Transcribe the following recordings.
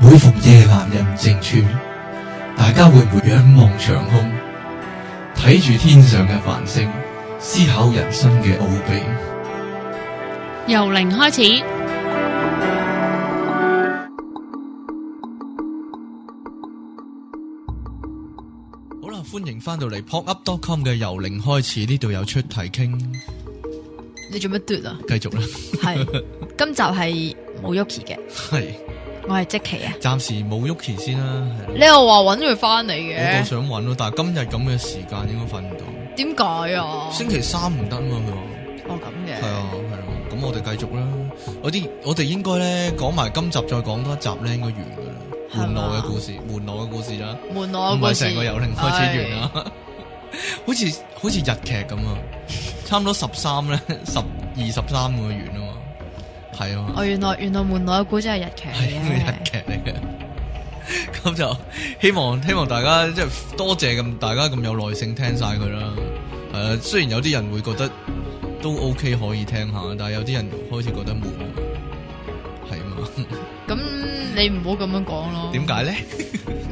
每逢夜闌人靜處，大家會唔會仰望長空，睇住天上嘅繁星，思考人生嘅奧秘？由零開始， 好啦，歡迎翻到嚟 PodUp.com 嘅由零開始，呢度有出體傾，你做乜嘟啊？繼續啦，係 今集係冇 Yuki 嘅，係。我係即期啊，暫時冇 Yuki 先啦、啊。啊、你又話揾佢翻嚟嘅，我想揾咯、啊，但係今日咁嘅時間應該瞓唔到。點解啊？星期三唔得啊嘛，哦咁嘅，係啊係啊，咁、哦啊啊、我哋繼續啦。我啲我哋應該咧講埋今集，再講多一集咧，應該完噶啦。門羅嘅故事，門羅嘅故事啦、啊，門羅唔係成個有令開始完啦、啊哎， 好似好似日劇咁啊， 差唔多十三咧，十二十三咁樣完咯。係啊！哦，原來原來門羅嘅故仔真係日劇嚟嘅，咁 就希望希望大家即係多謝咁大家咁有耐性聽晒佢啦。誒、呃，雖然有啲人會覺得都 OK 可以聽下，但係有啲人開始覺得悶。你唔好咁樣講咯。點解咧？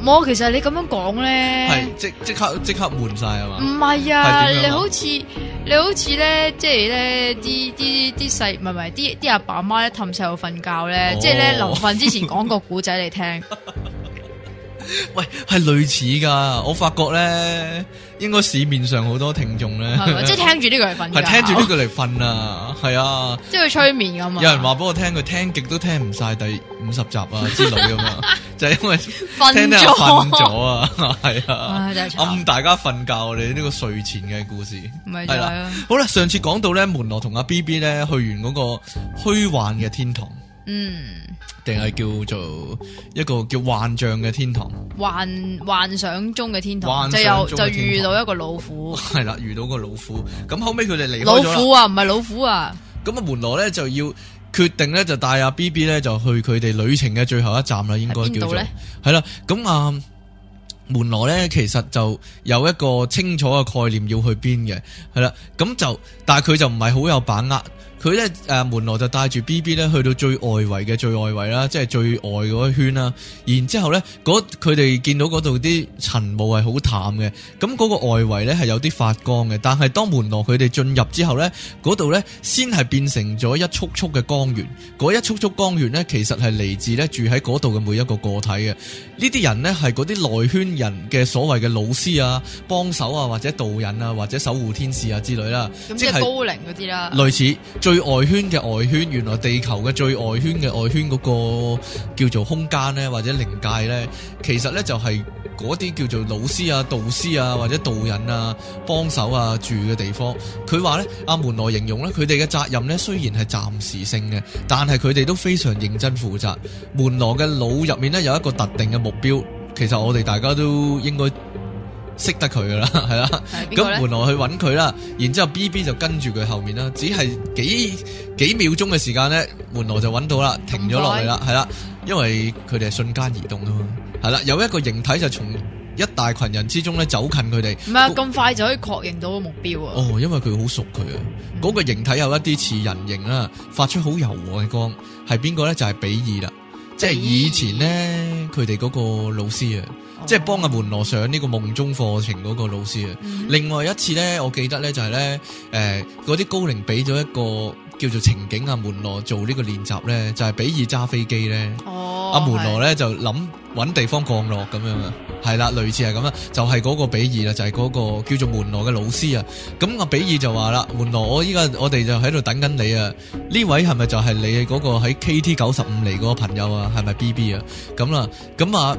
冇， 其實你咁樣講咧，係即即刻即刻悶晒啊嘛？唔係啊你，你好似你好似咧，即係咧啲啲啲細，唔係唔係啲啲阿爸媽咧，氹細路瞓覺咧，即係咧臨瞓之前講個古仔嚟聽。 喂，係類似噶，我發覺咧。應該市面上好多聽眾咧，的 即係聽住呢個嚟瞓，係 聽住呢個嚟瞓啊，係啊，即係佢催眠噶嘛。有人話俾我聽，佢聽極都聽唔晒，第五十集啊之類噶嘛， 就係因為聽咗瞓咗啊，係啊，暗，大家瞓覺，我哋呢個睡前嘅故事係啦、啊。好啦，上次講到咧，門羅同阿 B B 咧去完嗰個虛幻嘅天堂。嗯，定係叫做一個叫幻象嘅天堂，幻幻想中嘅天堂，就又就遇到一個老虎。係啦， 遇到個老虎，咁後尾佢哋離開咗啦。老虎啊，唔係老虎啊。咁啊，門羅咧就要決定咧，就帶阿 B B 咧就去佢哋旅程嘅最後一站啦，應該叫做。係啦。咁啊，門羅咧其實就有一個清楚嘅概念要去邊嘅，係啦。咁就但係佢就唔係好有把握。佢咧誒門羅就帶住 BB 咧去到最外圍嘅最外圍啦，即係最外嗰一圈啦。然之後咧，佢哋見到嗰度啲塵霧係好淡嘅，咁嗰個外圍咧係有啲發光嘅。但係當門羅佢哋進入之後咧，嗰度咧先係變成咗一束束嘅光源。嗰一束束光源咧，其實係嚟自咧住喺嗰度嘅每一個個體嘅。呢啲人咧係嗰啲內圈人嘅所謂嘅老師啊、幫手啊、或者導引啊、或者守護天使啊之類啦，嗯、即係高齡嗰啲啦，類似。最外圈嘅外圈，原來地球嘅最外圈嘅外圈嗰個叫做空間呢，或者靈界呢。其實呢，就係嗰啲叫做老師啊、導師啊或者導引啊、幫手啊住嘅地方。佢話呢，阿門羅形容呢，佢哋嘅責任呢，雖然係暫時性嘅，但係佢哋都非常認真負責。門羅嘅腦入面呢，有一個特定嘅目標，其實我哋大家都應該。識得佢噶啦，係啦，咁門羅去揾佢啦，然之後 BB 就跟住佢後面啦，只係幾幾秒鐘嘅時間咧，門羅就揾到啦，停咗落嚟啦，係啦怪，因為佢哋係瞬間移動啊嘛，係啦，有一個形體就從一大群人之中咧走近佢哋，唔係，咁是那快就可以確認到個目標啊？哦，因為佢好熟佢啊，嗰、嗯、個形體有一啲似人形啦，發出好柔和嘅光，係邊個咧？就係、是、比爾啦，爾即係以前咧佢哋嗰個老師啊。即係幫阿門羅上呢個夢中課程嗰個老師啊！嗯、另外一次咧，我記得咧就係、是、咧，誒、欸，嗰啲高靈俾咗一個叫做情景啊，門羅做呢個練習咧，就係比爾揸飛機咧，阿門羅咧就諗、是、搵地方降落咁樣啊，係啦，類似係咁樣啊，就係、是、嗰個比爾啦，就係、是、嗰個叫做門羅嘅老師啊。咁阿比爾就話啦，門羅，我依家我哋就喺度等緊你啊。呢位係咪就係你嗰個喺 KT 九十五嚟嗰個朋友啊？係咪 BB 啊？咁啦，咁啊。啊啊啊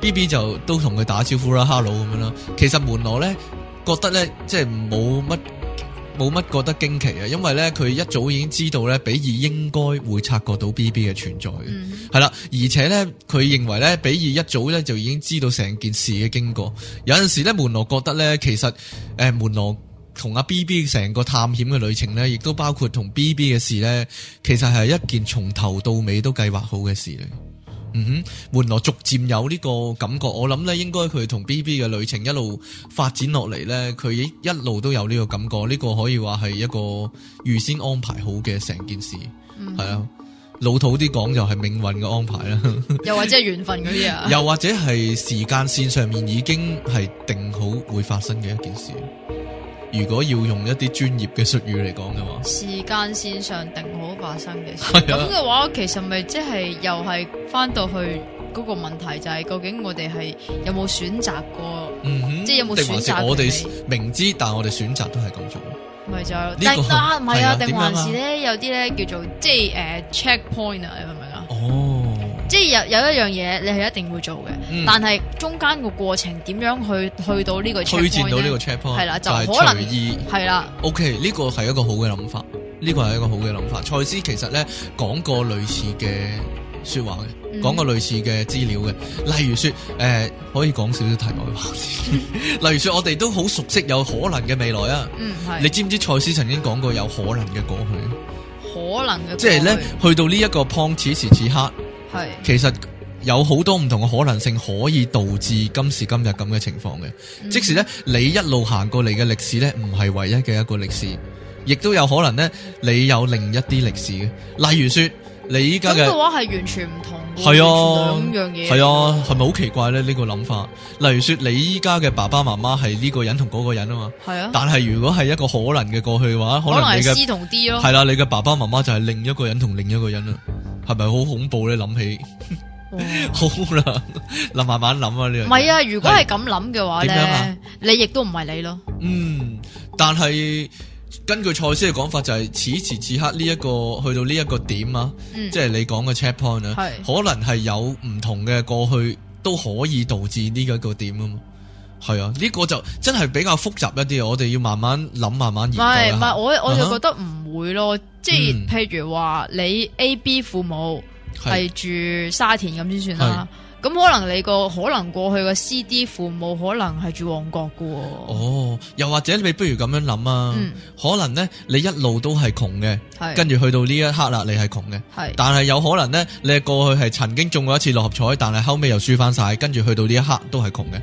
B B 就都同佢打招呼啦，hello 咁樣啦。Hello! 其實門羅呢，覺得呢，即係冇乜冇乜覺得驚奇啊。因為呢，佢一早已經知道呢，比爾應該會察覺到 B B 嘅存在嘅。係啦、嗯，而且呢，佢認為呢，比爾一早咧就已經知道成件事嘅經過。有陣時咧，門羅覺得呢，其實誒、呃、門羅同阿 B B 成個探險嘅旅程呢，亦都包括同 B B 嘅事呢，其實係一件從頭到尾都計劃好嘅事嚟。嗯哼，門羅逐漸有呢個感覺，我諗咧應該佢同 B B 嘅旅程一路發展落嚟咧，佢一路都有呢個感覺，呢、呢個可以話係一個預先安排好嘅成件事，係啊、嗯哼，老土啲講就係命運嘅安排啦，又或者係緣分嗰啲啊，又或者係時間線上面已經係定好會發生嘅一件事。如果要用一啲專業嘅術語嚟講嘅話，時間線上定好發生嘅事，咁嘅、啊、話，其實咪即係又係翻到去嗰個問題，就係、是、究竟我哋係有冇選擇過，嗯、哼即係有冇選擇嘅？定還是我哋明知，但我哋選擇都係咁做？咪就係、這個、定啊？唔係啊？定還是咧有啲咧、啊、叫做即係誒 checkpoint 啊？Uh, check point，你明唔明啊？哦。即係有有一樣嘢，你係一定會做嘅，嗯、但係中間個過程點樣去去到呢個 checkpoint 咧，推薦到呢個 checkpoint 係啦，就係、可能係啦。意的 OK，呢個係一個好嘅諗法，呢、嗯、個係一個好嘅諗法。蔡司、嗯、其實咧講過類似嘅說話嘅，講過類似嘅資料嘅，例如說誒可以講少少題外話。例如說，呃、 例如說我哋都好熟悉有可能嘅未來啊。嗯、你知唔知蔡司曾經講過有可能嘅過去？可能嘅，即係咧去到呢一個 point，此時此刻。係，是其實有好多唔同嘅可能性可以導致今時今日咁嘅情況嘅。嗯、即使呢，你一路行過嚟嘅歷史呢，唔係唯一嘅一個歷史，亦都有可能呢，你有另一啲歷史嘅。例如說，你依家嘅，咁嘅話係完全唔同嘅，係啊，兩樣嘢，係啊，係咪好奇怪呢？呢、這個諗法，例如說，你依家嘅爸爸媽媽係呢個人同嗰個人啊嘛，啊但係如果係一個可能嘅過去嘅話，可能係 C 同 D 咯、哦，係啦、啊，你嘅爸爸媽媽就係另一個人同另一個人啦、啊。係咪好恐怖咧？諗起，好 啦哇，嗱， 慢慢諗啊，呢樣唔係啊。如果係咁諗嘅話咧，啊、你亦都唔係你咯。嗯，但係根據蔡司嘅講法、就是，就係此時此刻呢、這、一個去到呢一個點啊，嗯、即係你講嘅 checkpoint 啊是，可能係有唔同嘅過去都可以導致呢一個點啊嘛。係啊，呢個就真係比較複雜一啲，我哋要慢慢諗，慢慢研究。唔係唔係，我我就覺得唔會咯，uh huh. 即係譬如話你 A、B 父母係住沙田咁先是算啦，咁是可能你個可能過去個 C、D 父母可能係住旺角嘅。哦，又或者你不如咁樣諗啊，嗯、可能呢，你一路都係窮嘅，跟住是去到呢一刻啦，你係窮嘅。是但係有可能呢，你過去係曾經中過一次六合彩，但係後尾又輸翻晒，跟住去到呢一刻都係窮嘅。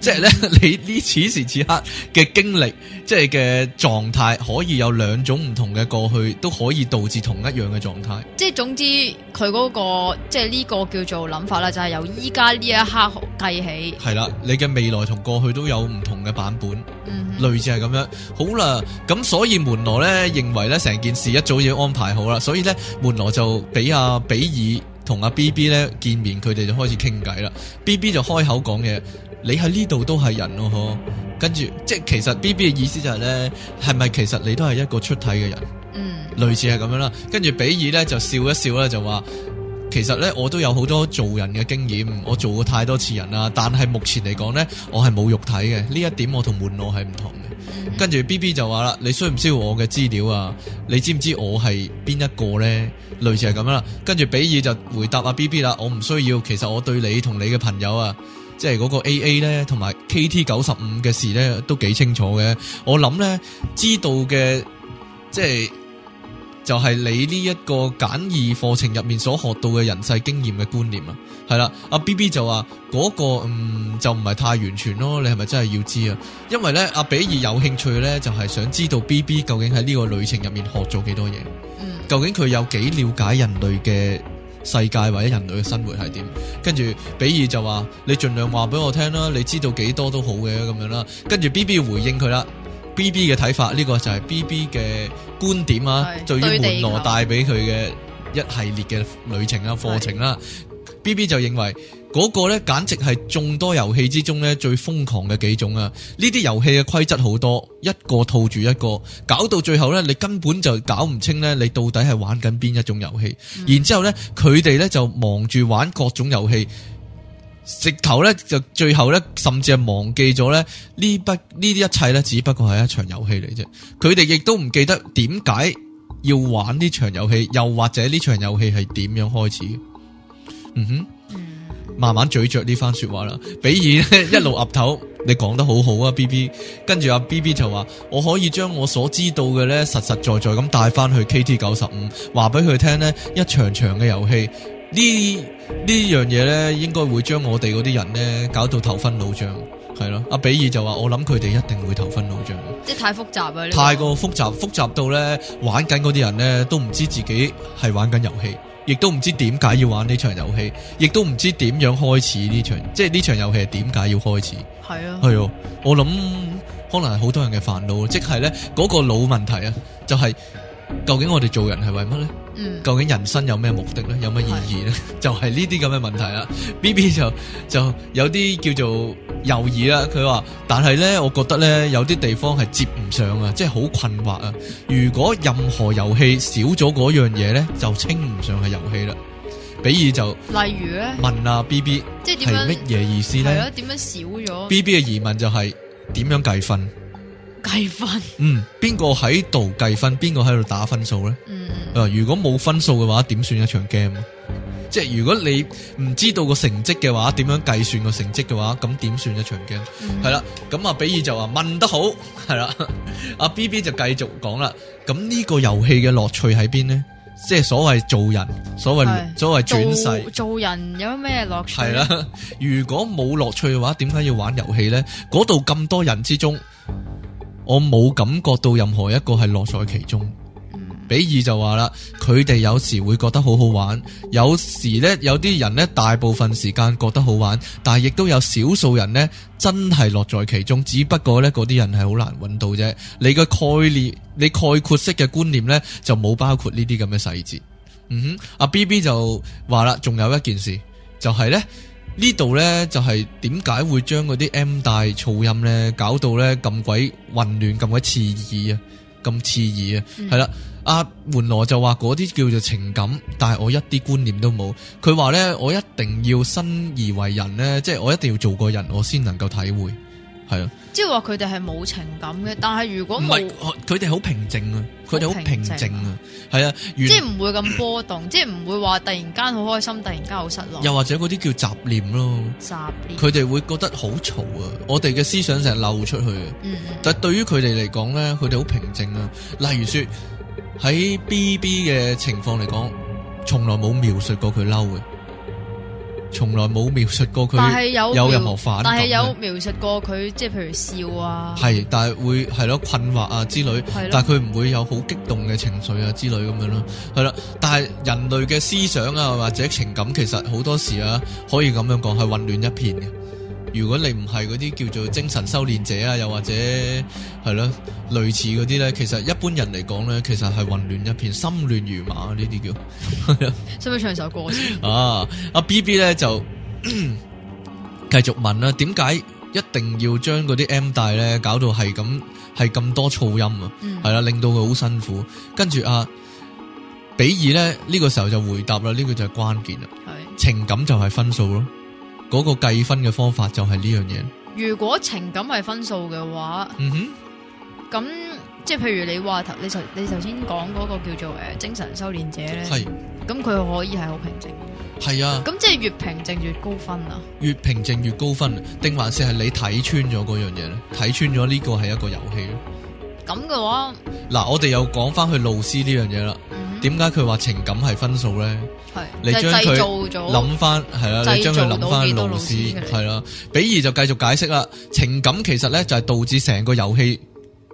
即係咧，你呢此時此刻嘅經歷，即係嘅狀態，可以有兩種唔同嘅過去，都可以導致同一樣嘅狀態。即係總之，佢嗰個即係呢個叫做諗法啦，就係由依家呢一刻計起。係啦，你嘅未來同過去都有唔同嘅版本，嗯、哼類似係咁樣。好啦，咁所以門羅咧認為咧，成件事一早已經安排好啦。所以咧，門羅就俾阿、啊、比爾同阿 B B 咧見面，佢哋就開始傾偈啦。B B 就開口講嘢。你喺呢度都係人哦、啊，跟住即係其實 B B 嘅意思就係、是、呢，係咪其實你都係一個出體嘅人？嗯，類似係咁樣啦。跟住比爾呢就笑一笑咧，就話，其實呢，我都有好多做人嘅經驗，我做過太多次人啦。但係目前嚟講呢，我係冇肉體嘅呢一點我，我同門羅係唔同嘅。跟住 B B 就話啦，你需唔需要我嘅資料啊？你知唔知我係邊一個呢？」類似係咁樣啦。跟住比爾就回答阿 B B 啦，我唔需要。其實我對你同你嘅朋友啊。即係嗰個 A A 咧，同埋 K T 九十五嘅事咧，都幾清楚嘅。我諗咧，知道嘅，即係就係、是、你呢一個簡易課程入面所學到嘅人世經驗嘅觀念啦。係啦，阿、啊、B B 就話嗰、那個嗯就唔係太完全咯。你係咪真係要知啊？因為咧，阿、啊、比爾有興趣咧，就係想知道 B B 究竟喺呢個旅程入面學咗幾多嘢，嗯、究竟佢有幾了解人類嘅。世界或者人類嘅生活係點？跟住，比爾就話你盡量話俾我聽啦，你知道幾多都好嘅咁樣啦。跟住 B B 回應佢啦，B B 嘅睇法呢、這個就係 B B 嘅觀點啊，對，對於門羅帶俾佢嘅一系列嘅旅程啊課程啦，B B 就認為。嗰個咧，簡直係眾多遊戲之中咧，最瘋狂嘅幾種啊！呢啲遊戲嘅規則好多，一個套住一個，搞到最後咧，你根本就搞唔清咧，你到底係玩緊邊一種遊戲。嗯、然之後咧，佢哋咧就忙住玩各種遊戲，直頭咧就最後咧，甚至係忘記咗咧，呢筆呢啲一切咧，只不過係一場遊戲嚟啫。佢哋亦都唔記得點解要玩呢場遊戲，又或者呢場遊戲係點樣開始。嗯哼。嗯慢慢咀嚼呢番說話啦，比爾一路岌頭，你講得好好啊，B B。跟住阿 B B 就話，我可以將我所知道嘅呢實實在在咁帶翻去 K T 九十五，話俾佢聽呢一場一場嘅遊戲，呢呢樣嘢呢，應該會將我哋嗰啲人呢搞到頭昏腦脹，係咯。阿比爾就話，我諗佢哋一定會頭昏腦脹。即係太複雜啊！太過複雜，複雜到呢，玩緊嗰啲人呢都唔知自己係玩緊遊戲。亦都唔知點解要玩呢場遊戲，亦都唔知點樣開始呢場，即係呢場遊戲係點解要開始？係啊，係哦，我諗可能係好多人嘅煩惱，即係呢嗰、那個老問題啊，就係、是、究竟我哋做人係為乜呢？嗯、究竟人生有咩目的咧？有咩意義咧、啊？ 就係呢啲咁嘅問題啦！B B 就就有啲叫做猶豫啦。佢話，但係咧，我覺得咧，有啲地方係接唔上啊，即係好困惑啊。如果任何遊戲少咗嗰樣嘢咧，就稱唔上係遊戲啦。比如就例如咧，問啊 B B，即係乜嘢意思咧？點、啊、樣少咗？B B 嘅疑問就係、是、點樣計分？計分，嗯，邊個喺度計分？邊個喺度打分數咧？誒、嗯，如果冇分數嘅話，點算一場 game？即係如果你唔知道個成績嘅話，點樣計算個成績嘅話，咁點算一場 game？係啦，咁、嗯、啊，比爾就話問得好，係啦，阿、啊、B B 就繼續講啦。咁呢個遊戲嘅樂趣喺邊呢？即係所謂做人，所謂是所謂轉世做，做人有咩樂趣？係啦，如果冇樂趣嘅話，點解要玩遊戲呢？嗰度咁多人之中。我冇感覺到任何一個係樂在其中，比爾。比爾就話啦，佢哋有時會覺得好好玩，有時呢，有啲人呢，大部分時間覺得好玩，但係亦都有少數人呢，真係樂在其中，只不過呢，嗰啲人係好難揾到啫。你嘅概念，你概括式嘅觀念呢，就冇包括呢啲咁嘅細節。嗯哼，阿、啊、BB 就話啦，仲有一件事，就係、是、呢。呢度呢，就係點解會將嗰啲 M 大噪音呢搞到呢，咁鬼混亂，咁鬼刺耳啊，咁刺耳啊，係啦、嗯，阿、啊、門羅就話嗰啲叫做情感，但係我一啲觀念都冇。佢話呢，我一定要身而為人，呢即係我一定要做個人，我先能夠體會。係啊，即係話佢哋係冇情感嘅，但係如果唔係，佢哋好平靜啊，佢哋好平靜啊，係啊，啊即係唔會咁波動， 即係唔會話突然間好開心，突然間好失落，又或者嗰啲叫雜念咯，雜念，佢哋會覺得好嘈啊，我哋嘅思想成日漏出去啊，嗯、哼但係對於佢哋嚟講咧，佢哋好平靜啊，例如說喺 BB 嘅情況嚟講，從來冇描述過佢嬲嘅。從來冇描述過佢有任何反應，但係有描述過佢即係譬如笑啊，係但係會係咯困惑啊之類，的但係佢唔會有好激動嘅情緒啊之類咁樣咯，係啦。但係人類嘅思想啊或者情感，其實好多時啊可以咁樣講係混亂一片嘅。如果你唔係嗰啲叫做精神修練者啊，又或者係咯類似嗰啲咧，其實一般人嚟講咧，其實係混亂一片，心亂如麻呢啲叫。使唔使唱首歌先 啊？啊 BB 呢，阿 B B 咧就繼 續問啦，點解一定要將嗰啲 M 帶咧搞到係咁係咁多噪音啊？係啦、嗯，令到佢好辛苦。跟住阿、啊、比爾咧呢、這個時候就回答啦，呢、這個就係關鍵啦，的情感就係分數咯。嗰個計分嘅方法就係呢樣嘢。如果情感係分數嘅話，嗯哼，咁即係譬如你話頭，你頭你頭先講嗰個叫做誒精神修煉者咧，係是，咁佢可以係好平靜，係啊，咁即係越平靜越高分啊，越平靜越高分。定還是係你睇穿咗嗰樣嘢咧，睇穿咗呢個係一個遊戲咯。咁嘅話，嗱，我哋又講翻去老師呢樣嘢啦。嗯點解佢話情感係分數咧？係是，你將佢諗翻，係啦，啊、你將佢諗翻老師，係啦、啊。比爾就繼續解釋啦，情感其實咧就係導致成個遊戲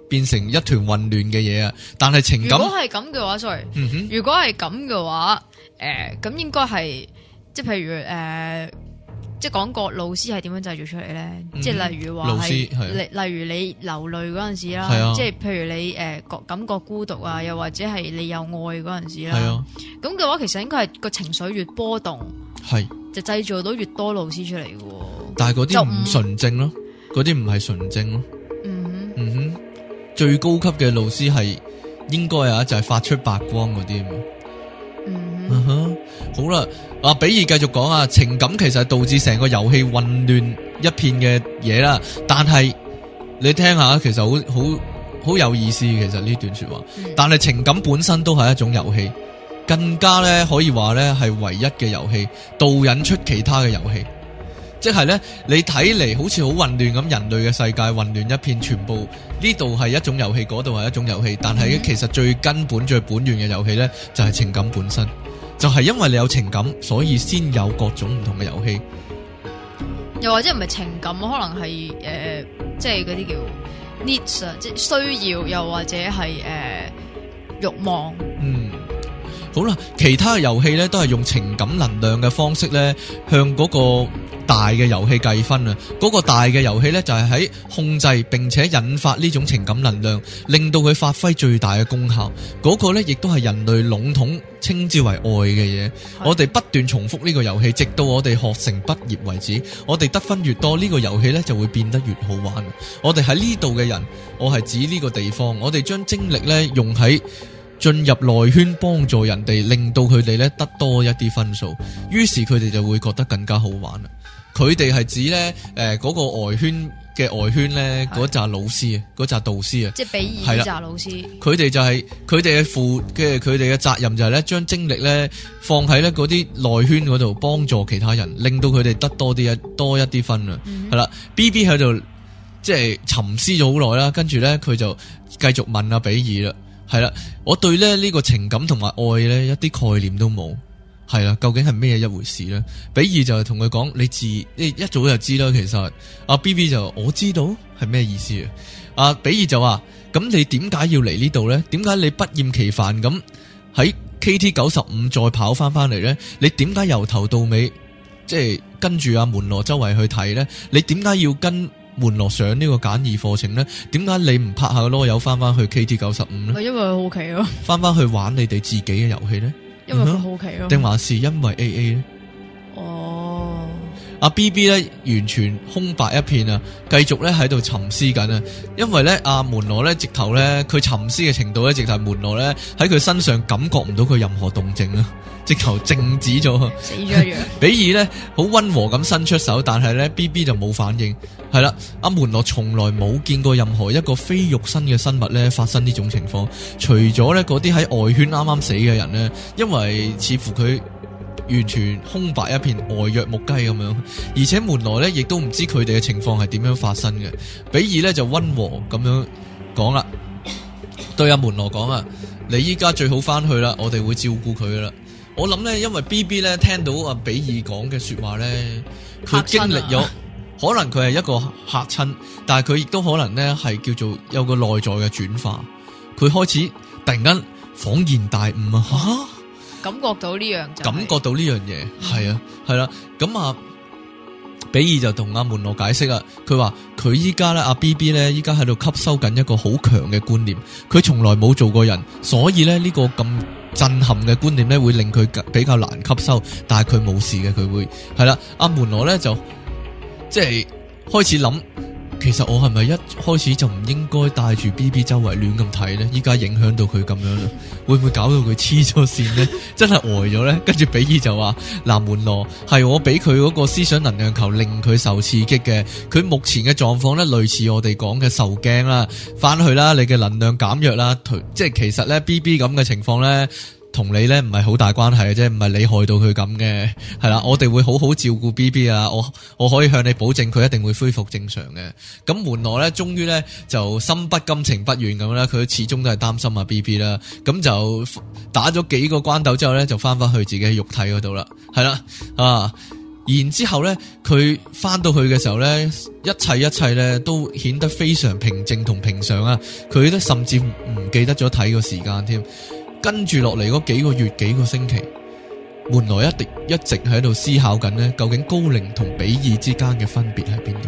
變成一團混亂嘅嘢啊！但係情感如果係咁嘅話，sorry，嗯、哼如果係咁嘅話，誒、呃，咁應該係，即係譬如誒。呃即係講個老師係點樣製造出嚟咧？即係、嗯、例如話，老師、例如你流淚嗰陣時啦，的即係譬如你誒，覺、呃、感覺孤獨啊，又或者係你有愛嗰陣時啦。咁嘅的話，其實應該係個情緒越波動，是就製造到越多老師出嚟嘅。但係嗰啲唔純正咯，嗰啲唔係純正咯。嗯哼，嗯哼，最高級嘅老師係應該啊，就係、是、發出白光嗰啲嘛。嗯哼。嗯哼好啦，阿、啊、比爾繼續講啊，情感其實導致成個遊戲混亂一片嘅嘢啦。但係你聽下，其實好好好有意思。其實呢段說話，但係情感本身都係一種遊戲，更加咧可以話咧係唯一嘅遊戲，導引出其他嘅遊戲。即係咧，你睇嚟好似好混亂咁，人類嘅世界混亂一片，全部呢度係一種遊戲，嗰度係一種遊戲。但係其實最根本最本源嘅遊戲咧，就係、是、情感本身。就係因為你有情感，所以先有各種唔同嘅遊戲。又或者唔係情感，可能係誒、呃，即係嗰啲叫 needs，即係需要，又或者係誒欲望。嗯。好啦，其他嘅遊戲咧都係用情感能量嘅方式咧，向嗰個大嘅遊戲計分啊！嗰、那個大嘅遊戲咧就係、是、喺控制並且引發呢種情感能量，令到佢發揮最大嘅功效。嗰、那個咧亦都係人類籠統稱之為愛嘅嘢。的我哋不斷重複呢個遊戲，直到我哋學成畢業為止。我哋得分越多，這個、遊戲呢個遊戲咧就會變得越好玩。我哋喺呢度嘅人，我係指呢個地方，我哋將精力咧用喺。進入內圈幫助人哋，令到佢哋咧得多一啲分數，於是佢哋就會覺得更加好玩啦。佢哋係指呢誒嗰、呃嗰個外圈嘅外圈呢嗰紮老師啊，嗰紮導師啊，即係比爾係啦老師。佢哋的的就係佢哋嘅負嘅，佢哋嘅責任就係咧，將精力呢放喺呢嗰啲內圈嗰度，幫助其他人，令到佢哋得多啲一多一啲分啊。係啦，B B 喺度即係沉思咗好耐啦，跟住呢佢就繼續問阿比爾啦。係啦，我對咧呢個情感同埋愛呢一啲概念都冇，係啦，究竟係咩一回事呢？比爾就係同佢講：，你自你一早就知啦，其實阿、啊、B B 就我知道係咩意思啊？比爾就話：，咁你點解要嚟呢度呢？點解你不厭其煩咁喺 K T 九十五再跑翻翻嚟呢？你點解由頭到尾即係跟住阿門羅周圍去睇呢？你點解要跟？門羅上呢個簡易課程咧，點解你唔拍下個囉柚翻翻去 KT 九十五咧？咪因為好奇咯，翻翻去玩你哋自己嘅遊戲咧，因為好奇咯，定、uh huh. 還是因為 A A 咧？哦。阿 B B 咧，完全空白一片啊，繼續咧喺度沉思緊啊，因為咧阿門羅咧直頭咧佢沉思嘅程度咧，直頭係門羅咧喺佢身上感覺唔到佢任何動靜啊，直頭靜止咗。死咗樣。 比爾咧好溫和咁伸出手，但係咧 B B 就冇反應。係啦，阿門羅從來冇見過任何一個非肉身嘅生物咧發生呢種情況，除咗咧嗰啲喺外圈啱啱死嘅人咧，因為似乎佢。完全空白一片，呆若木雞咁樣，而且門羅咧亦都唔知佢哋嘅情況係點樣發生嘅。比爾咧就温和咁樣講啦， 對阿、啊、門羅講啊， 你依家最好翻去啦，我哋會照顧佢噶啦。我諗咧，因為 B B 咧聽到阿、啊、比爾講嘅說話咧，佢經歷咗，可能佢係一個吓親，但係佢亦都可能咧係叫做有個內在嘅轉化，佢開始突然間恍然大悟啊！感覺到呢樣就是，感覺到呢樣嘢，係啊，係啦、啊，咁、嗯、啊、嗯，比爾就同阿門羅解釋啦，佢話佢依家咧阿 B B 咧依家喺度吸收緊一個好強嘅觀念，佢從來冇做過人，所以咧呢個咁震撼嘅觀念咧會令佢比較難吸收，但係佢冇事嘅，佢會係啦、啊，阿門羅咧就即係、就是、開始諗。其實我係咪一開始就唔應該帶住 B B 周圍亂咁睇呢？依家影響到佢咁樣啦，會唔會搞到佢黐咗線呢？ 真係呆咗呢。跟住比爾就話，嗱，門羅係我俾佢嗰個思想能量球令佢受刺激嘅，佢目前嘅狀況呢，類似我哋講嘅受驚啦，翻去啦，你嘅能量減弱啦，即係其實呢 B B 咁嘅情況呢。同你咧唔係好大關係嘅啫，唔係你害到佢咁嘅，係 啦，我哋會好好照顧 B B 啊，我我可以向你保證佢一定會恢復正常嘅。咁門羅咧，終於咧就心不甘情不願咁啦，佢始終都係擔心啊 B B 啦，咁 就打咗幾個關斗之後咧，就翻翻去自己肉體嗰度啦，係啦啊，然之後咧佢翻到去嘅時候咧，一切一切咧都顯得非常平靜同平常啊，佢都甚至唔記得咗睇個時間添。跟住落嚟嗰幾個月、幾個星期，門羅一滴一直喺度思考緊咧，究竟高齡同比爾之間嘅分別喺邊度？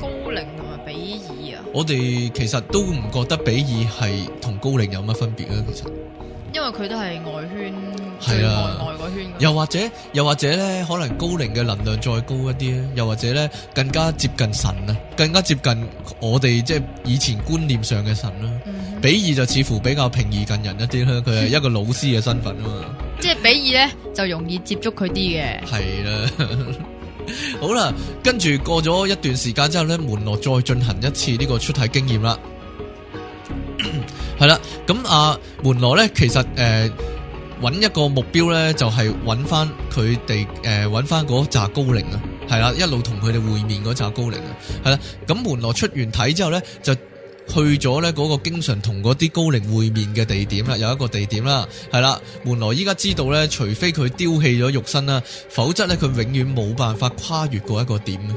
高齡同埋比爾啊？我哋其實都唔覺得比爾係同高齡有乜分別啦、啊，其實。因為佢都係外圈，係啊，外圈。又或者，又或者咧，可能高齡嘅能量再高一啲咧，又或者咧，更加接近神啊，更加接近我哋即係以前觀念上嘅神啦、啊。嗯、哼比爾就似乎比較平易近人一啲啦，佢係一個老師嘅身份啊嘛。 即係比爾咧，就容易接觸佢啲嘅。係啦是、啊， 好啦，跟住過咗一段時間之後咧，門羅再進行一次呢個出體經驗啦。 係啦，咁啊門羅咧，其實誒，揾、呃、一個目標咧，就係揾翻佢哋誒，揾翻嗰紮高靈啊，係啦，一路同佢哋會面嗰紮高靈啊，係啦，咁門羅出完體之後咧，就去咗咧嗰個經常同嗰啲高靈會面嘅地點啦，有一個地點啦，係啦，門羅依家知道咧，除非佢丟棄咗肉身啦，否則咧佢永遠冇辦法跨越過一個點啊，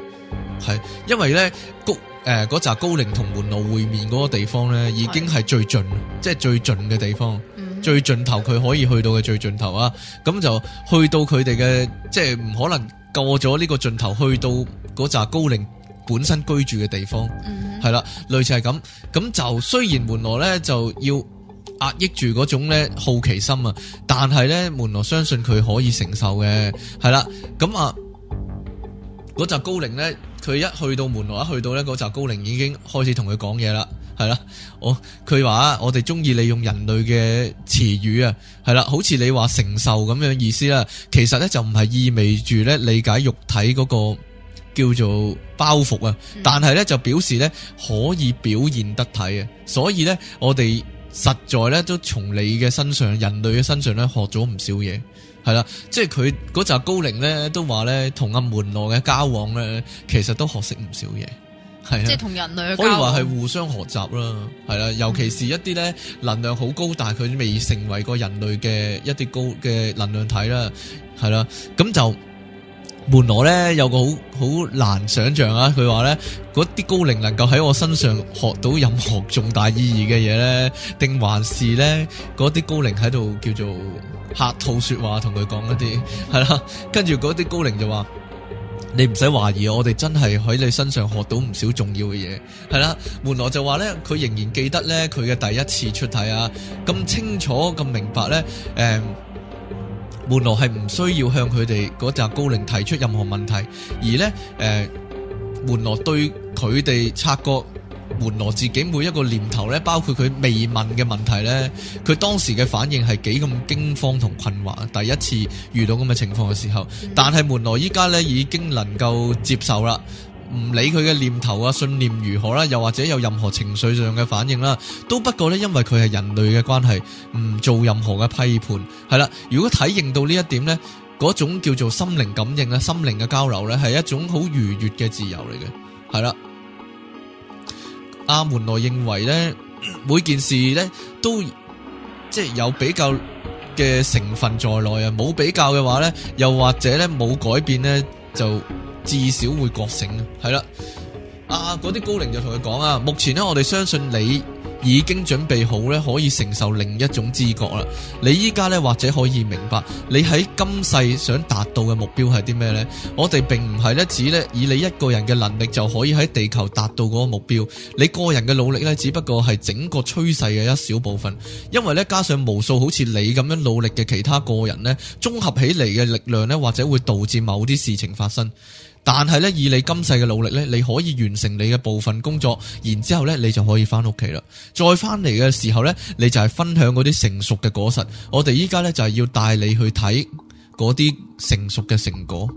係，因為咧高、高誒，嗰扎、呃、高齡同門羅會面嗰個地方咧，已經係最盡，即係最盡嘅地方，嗯、哼最盡頭佢可以去到嘅最盡頭啊！咁就去到佢哋嘅，即係唔可能過咗呢個盡頭去到嗰扎高齡本身居住嘅地方，係啦、嗯哼，類似係咁。咁就雖然門羅咧就要壓抑住嗰種咧好奇心啊，但係咧門羅相信佢可以承受嘅，係啦，咁啊。嗰隻高靈呢，佢一去到門內，一去到呢，嗰隻高靈已經開始同佢講嘢啦，係啦，我佢話我哋中意利用人類嘅詞語啊，係啦，好似你話承受咁樣意思啦，其實呢，就唔係意味住呢理解肉體嗰個叫做包袱啊，但係呢，就表示呢可以表現得體啊，所以呢，我哋實在呢，都從你嘅身上、人類嘅身上呢，學咗唔少嘢。係啦，即係佢嗰集高靈咧，都話咧同阿門羅嘅交往咧，其實都學識唔少嘢。係啦，即係同人類嘅交往，可以話係互相學習啦。係啦，尤其是一啲咧能量好高，但係佢未成為過人類嘅一啲高嘅能量體啦。係啦，咁就門羅咧有個好好難想象啊。佢話咧嗰啲高靈能夠喺我身上學到任何重大意義嘅嘢咧，定還是咧嗰啲高靈喺度叫做，客套說話同佢講一啲係啦，跟住嗰啲高齡就話：你唔使懷疑，我哋真係喺你身上學到唔少重要嘅嘢。係啦，門羅就話咧，佢仍然記得咧佢嘅第一次出體啊，咁清楚咁明白咧。誒、呃，門羅係唔需要向佢哋嗰紮高齡提出任何問題，而咧，誒、呃，門羅對佢哋察覺。門羅自己每一個念頭咧，包括佢未問嘅問題咧，佢當時嘅反應係幾咁驚慌同困惑。第一次遇到咁嘅情況嘅時候，但係門羅依家咧已經能夠接受啦，唔理佢嘅念頭啊、信念如何啦，又或者有任何情緒上嘅反應啦，都不過咧，因為佢係人類嘅關係，唔做任何嘅批判。係啦，如果體認到呢一點咧，嗰種叫做心靈感應啦、心靈嘅交流咧，係一種好愉悅嘅自由嚟嘅，係啦。阿、啊、門羅認為咧，每件事咧都即係有比較嘅成分在內啊，冇比較嘅話咧，又或者咧冇改變咧，就至少會覺醒啊，係啦。阿嗰啲高靈就同佢講啊，目前咧我哋相信你。已經準備好咧，可以承受另一種知覺啦。你依家咧，或者可以明白，你喺今世想達到嘅目標係啲咩咧？我哋並唔係咧，指咧以你一個人嘅能力就可以喺地球達到嗰個目標。你個人嘅努力咧，只不過係整個趨勢嘅一小部分，因為咧加上無數好似你咁樣努力嘅其他個人咧，綜合起嚟嘅力量咧，或者會導致某啲事情發生。但係咧，以你今世嘅努力咧，你可以完成你嘅部分工作，然之後咧，你就可以翻屋企啦。再翻嚟嘅時候咧，你就係分享嗰啲成熟嘅果實。我哋依家咧就係、是、要帶你去睇嗰啲成熟嘅成果。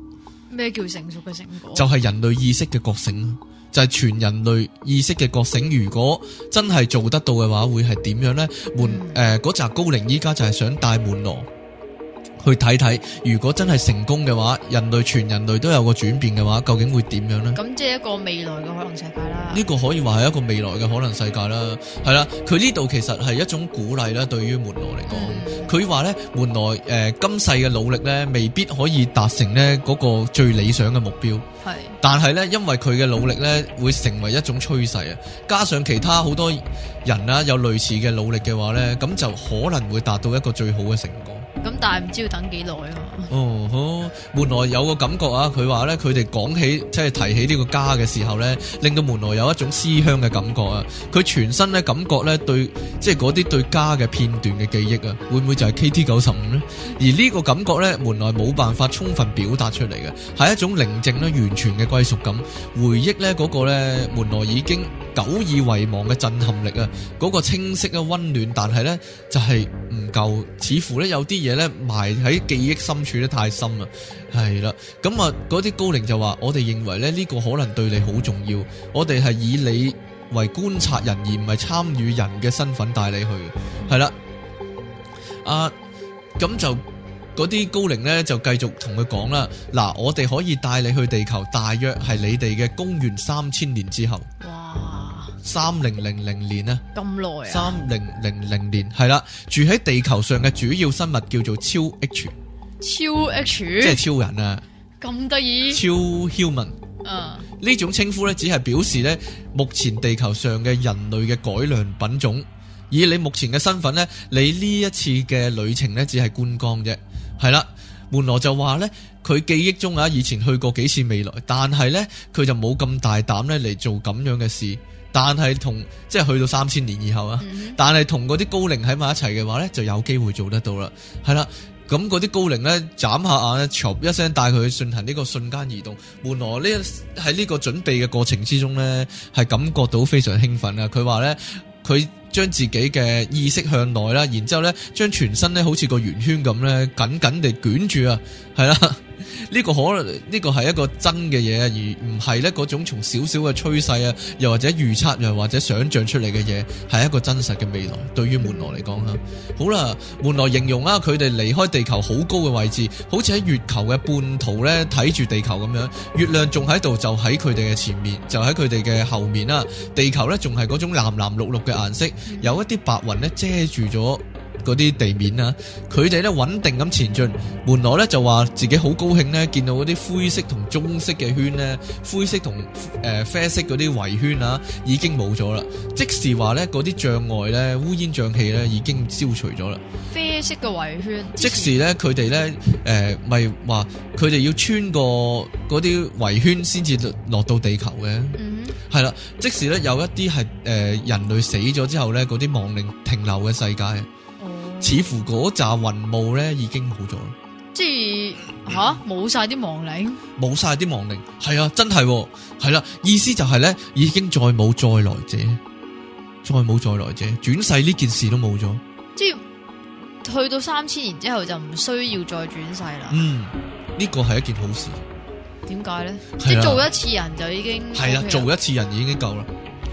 咩叫成熟嘅成果？就係人類意識嘅覺醒，就係、是、全人類意識嘅覺醒。如果真係做得到嘅話，會係點樣呢？門誒，嗰、呃、集高齡依家就係想帶門羅。去睇睇，如果真係成功嘅話，人類全人類都有個轉變嘅話，究竟會點樣咧？咁即係一個未來嘅可能世界啦。呢個可以話係一個未來嘅可能世界啦。係、嗯、啦，佢呢度其實係一種鼓勵啦，對於門羅嚟講。佢話咧，門羅誒、呃、今世嘅努力咧，未必可以達成咧嗰個最理想嘅目標。係是。但係咧，因為佢嘅努力咧，會成為一種趨勢啊。加上其他好多人啦，有類似嘅努力嘅話咧，咁、嗯、就可能會達到一個最好嘅成果。咁但係唔知要等幾耐啊？哦，好門羅有個感覺啊，佢話咧，佢哋講起即係提起呢個家嘅時候咧，令到門羅有一種思鄉嘅感覺啊！佢全身咧感覺咧對，即係啲對家嘅片段嘅記憶啊，會唔會就係 KT 九十五咧？ 而呢個感覺咧，門羅冇辦法充分表達出嚟嘅，係一種寧靜咧完全嘅歸屬感回憶咧，嗰個咧門羅已經久已遺忘嘅震撼力啊！嗰個清晰嘅温暖，但係咧就係唔夠，似乎咧有啲嘢，埋喺記憶深處得太深啦，係啦。咁啊嗰啲高靈就話，我哋認為咧呢個可能對你好重要，我哋係以你為觀察人而唔係參與人嘅身份帶你去。係啦，啊，咁就嗰啲高靈呢，就繼續同佢講啦，嗱，我哋可以帶你去地球，大約係你哋嘅公元三千年之後。哇三零零零年啊，咁耐啊！三零零零年係啦，住喺地球上嘅主要生物叫做超 H，超 H，即係超人啊！咁得意，超 human，啊，呢種稱呼咧，只係表示咧目前地球上嘅人類嘅改良品種。以你目前嘅身份咧，你呢一次嘅旅程咧，只係觀光啫。係啦，門羅就話咧，佢記憶中啊，以前去過幾次未來，但係咧，佢就冇咁大膽咧嚟做咁樣嘅事。但係同即係去到三千年以後啊，嗯、但係同嗰啲高靈喺埋一齊嘅話呢，就有機會做得到啦。係啦，咁嗰啲高靈呢，眨下眼咧，咻一聲帶佢去進行呢個瞬間移動。原來呢，喺呢個準備嘅過程之中呢，係感覺到非常興奮啊！佢話呢，佢將自己嘅意識向內啦，然之後咧，將全身呢，好似個圓圈咁呢，緊緊地捲住啊，係啦。呢個可能呢、呢個係一個真嘅嘢，而唔係呢嗰種從小小嘅趨勢啊，又或者預測又或者想象出嚟嘅嘢，係一個真實嘅未來。對於門羅嚟講啦，好啦，門羅形容啊，佢哋離開地球好高嘅位置，好似喺月球嘅半途呢睇住地球咁樣，月亮仲喺度就喺佢哋嘅前面，就喺佢哋嘅後面啦、啊。地球呢，仲係嗰種藍藍綠綠嘅顏色，有一啲白雲呢遮住咗。嗰啲地面啊，佢哋咧穩定咁前進，門羅咧就話自己好高興咧見到嗰啲灰色同棕色嘅圈咧，灰色同、誒、呃、啡色嗰啲圍圈啊，已經冇咗啦。即時話咧嗰啲障礙咧，烏煙瘴氣咧已經消除咗啦。啡色嘅圍圈，即時咧佢哋咧誒，咪話佢哋要穿過嗰啲圍圈先至落到地球嘅，係啦、嗯哼。即時咧有一啲係誒人類死咗之後咧，嗰啲亡靈停留嘅世界。似乎嗰紮雲霧咧已經冇咗，即係吓冇晒啲亡靈，冇晒啲亡靈，係啊，真係，哦，係啦、啊，意思就係咧，已經再冇再來者，再冇再來者，轉世呢件事都冇咗，即係去到三千年之後就唔需要再轉世啦。嗯，呢、這個係一件好事，點解咧？啊、即係做一次人就已經係啦、啊，做一次人已經夠啦。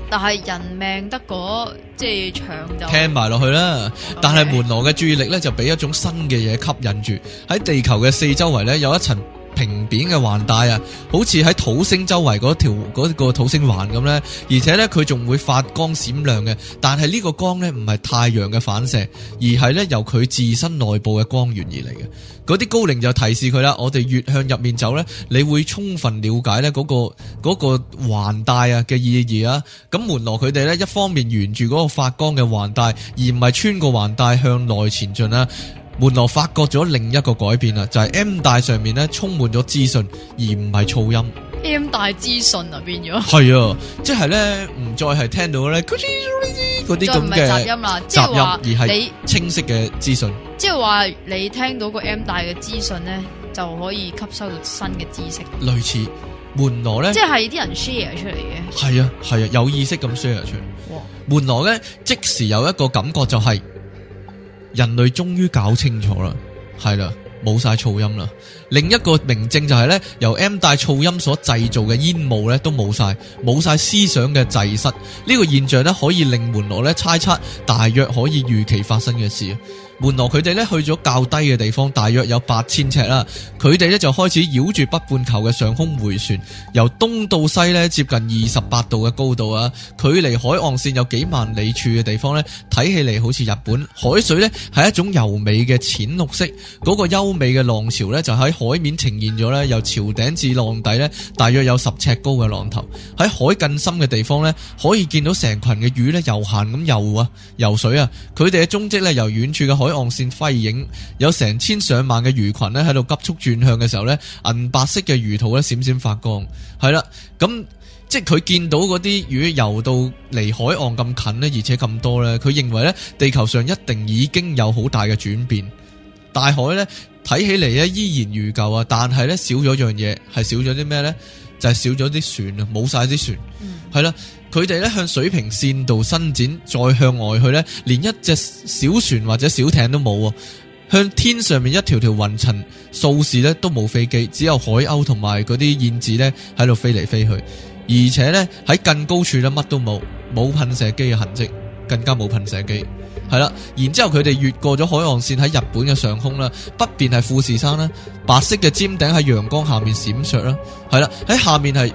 但係人命得嗰，即係長，就聽埋落去啦，但係門羅嘅注意力呢，就俾一種新嘅嘢吸引住，喺地球嘅四周圍呢，有一層。平扁嘅環帶啊，好似喺土星周圍嗰條嗰個土星環咁呢。而且呢，佢仲會發光閃亮嘅。但係呢個光呢，唔係太陽嘅反射，而係呢由佢自身內部嘅光源而嚟嘅。嗰啲高靈就提示佢啦，我哋越向入面走呢，你會充分了解呢嗰個嗰個環帶啊嘅意義啊。咁門羅佢哋呢，一方面沿住嗰個發光嘅環帶，而唔係穿過環帶向內前進啦。門羅發覺咗另一個改變啦，就係、是、M 大上面咧充滿咗資訊，而唔係噪音。M 大資訊啊，變咗係 啊，即係咧唔再係聽到咧嗰啲咁嘅雜音啦，雜音即你而係清晰嘅資訊。即係話你聽到個 M 帶嘅資訊咧，就可以吸收到新嘅知識。類似門羅咧，即係啲人 share 出嚟嘅。係啊係啊，啊，有意識咁 share 出嚟。哇！門羅咧即時有一個感覺就係、是。人類終於搞清楚啦，係啦，冇晒噪音啦。另一個明證就係、是、咧，由 M 帶噪音所製造嘅煙霧咧，都冇晒，冇晒思想嘅滯塞。呢、這個現象咧，可以令門羅咧猜測大約可以預期發生嘅事。門羅佢哋咧，去咗較低嘅地方，大約有八千尺啦。佢哋咧就開始繞住北半球嘅上空回旋，由東到西咧，接近二十八度嘅高度啊，距離海岸線有幾萬里處嘅地方咧，睇起嚟好似日本海水咧，係一種柔美嘅淺綠色。嗰個優美嘅浪潮咧，就喺海面呈現咗咧，由潮頂至浪底咧，大約有十尺高嘅浪頭，喺海更深嘅地方咧，可以見到成群嘅魚咧游行咁游啊，游水啊。佢哋嘅蹤跡咧，由遠處嘅海海岸線輝影，有成千上萬嘅魚群咧喺度急速轉向嘅時候咧，銀白色嘅魚肚咧閃閃發光，係啦，咁即係佢見到嗰啲魚游到離海岸咁近咧，而且咁多咧，佢認為呢，地球上一定已經有好大嘅轉變。大海呢睇起嚟咧依然如舊啊，但係呢少咗樣嘢，係少咗啲咩呢？就係少咗啲船啊，冇晒啲船，係啦。嗯佢哋咧向水平線度伸展，再向外去咧，連一隻小船或者小艇都冇。向天上面一條條雲層，數士咧都冇飛機，只有海鷗同埋嗰啲燕子咧喺度飛嚟飛去。而且咧喺更高處咧乜都冇，冇噴射機嘅痕跡，更加冇噴射機。係啦，然之後佢哋越過咗海岸線，喺日本嘅上空啦，北邊係富士山啦，白色嘅尖頂喺陽光下面閃爍啦。係啦，喺下面係。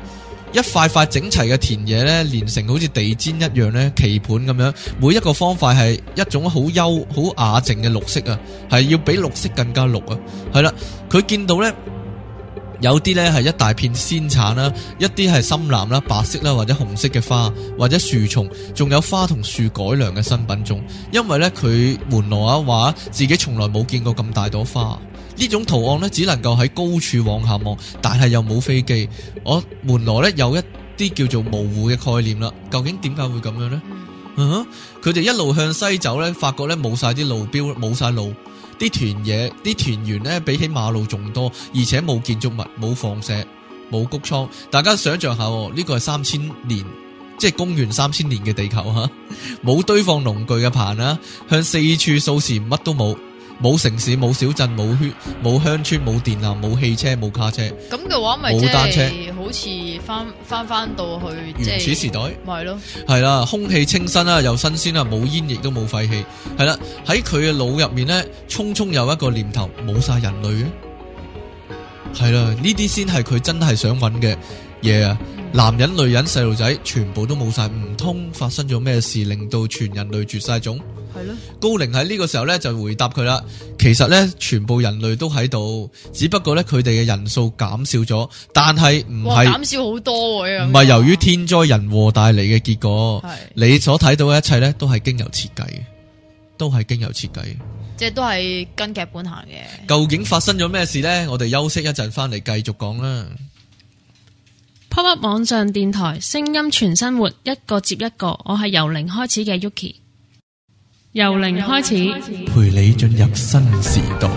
一塊塊整齊嘅田野咧，連成好似地氈一樣咧棋盤咁樣，每一個方塊係一種好幽、好雅靜嘅綠色啊，係要比綠色更加綠啊，係啦，佢見到呢，有啲呢係一大片鮮橙啦，啊，一啲係深藍啦，啊，白色啦，啊、或者紅色嘅花或者樹叢，仲有花同樹改良嘅新品種，因為呢，佢門羅啊話自己從來冇見過咁大朵花。呢種圖案咧，只能夠喺高處往下望，但係又冇飛機。我、哦、門羅咧有一啲叫做模糊嘅概念啦。究竟點解會咁樣呢？嗯、啊，佢哋一路向西走咧，發覺咧冇晒啲路標，冇晒路，啲田野，啲田園咧比起馬路仲多，而且冇建築物、冇房舍、冇穀倉。大家想象下，呢、哦這個係三千年，即、就、係、是、公元三千年嘅地球吓，冇堆放農具嘅棚啦，向四處掃視，乜都冇。冇城市、冇小鎮、冇村、冇鄉村、冇電纜、冇汽車、冇卡車，咁嘅話咪冇單車，好似翻翻到去原始時代，咪咯，係啦，空氣清新啦，又新鮮啦，冇煙亦都冇廢氣，係啦，喺佢嘅腦入面呢，匆匆有一個念頭，冇晒人類嘅，係啦，呢啲先係佢真係想揾嘅嘢啊，yeah, 嗯、男人、女人、細路仔，全部都冇晒，唔通發生咗咩事令到全人類絕曬種？係咯，高齡喺呢個時候咧就回答佢啦。其實咧，全部人類都喺度，只不過咧佢哋嘅人數減少咗，但係唔係減少好多，唔係由於天災人禍帶嚟嘅結果。係你所睇到嘅一切咧都係經由設計，都係經由設計，即係都係跟劇本行嘅。究竟發生咗咩事呢？我哋休息一陣，翻嚟繼續講啦。Pop Up 網上電台，聲音全生活，一個接一個。我係由零開始嘅 Yuki。由零開始，陪你進入新時代。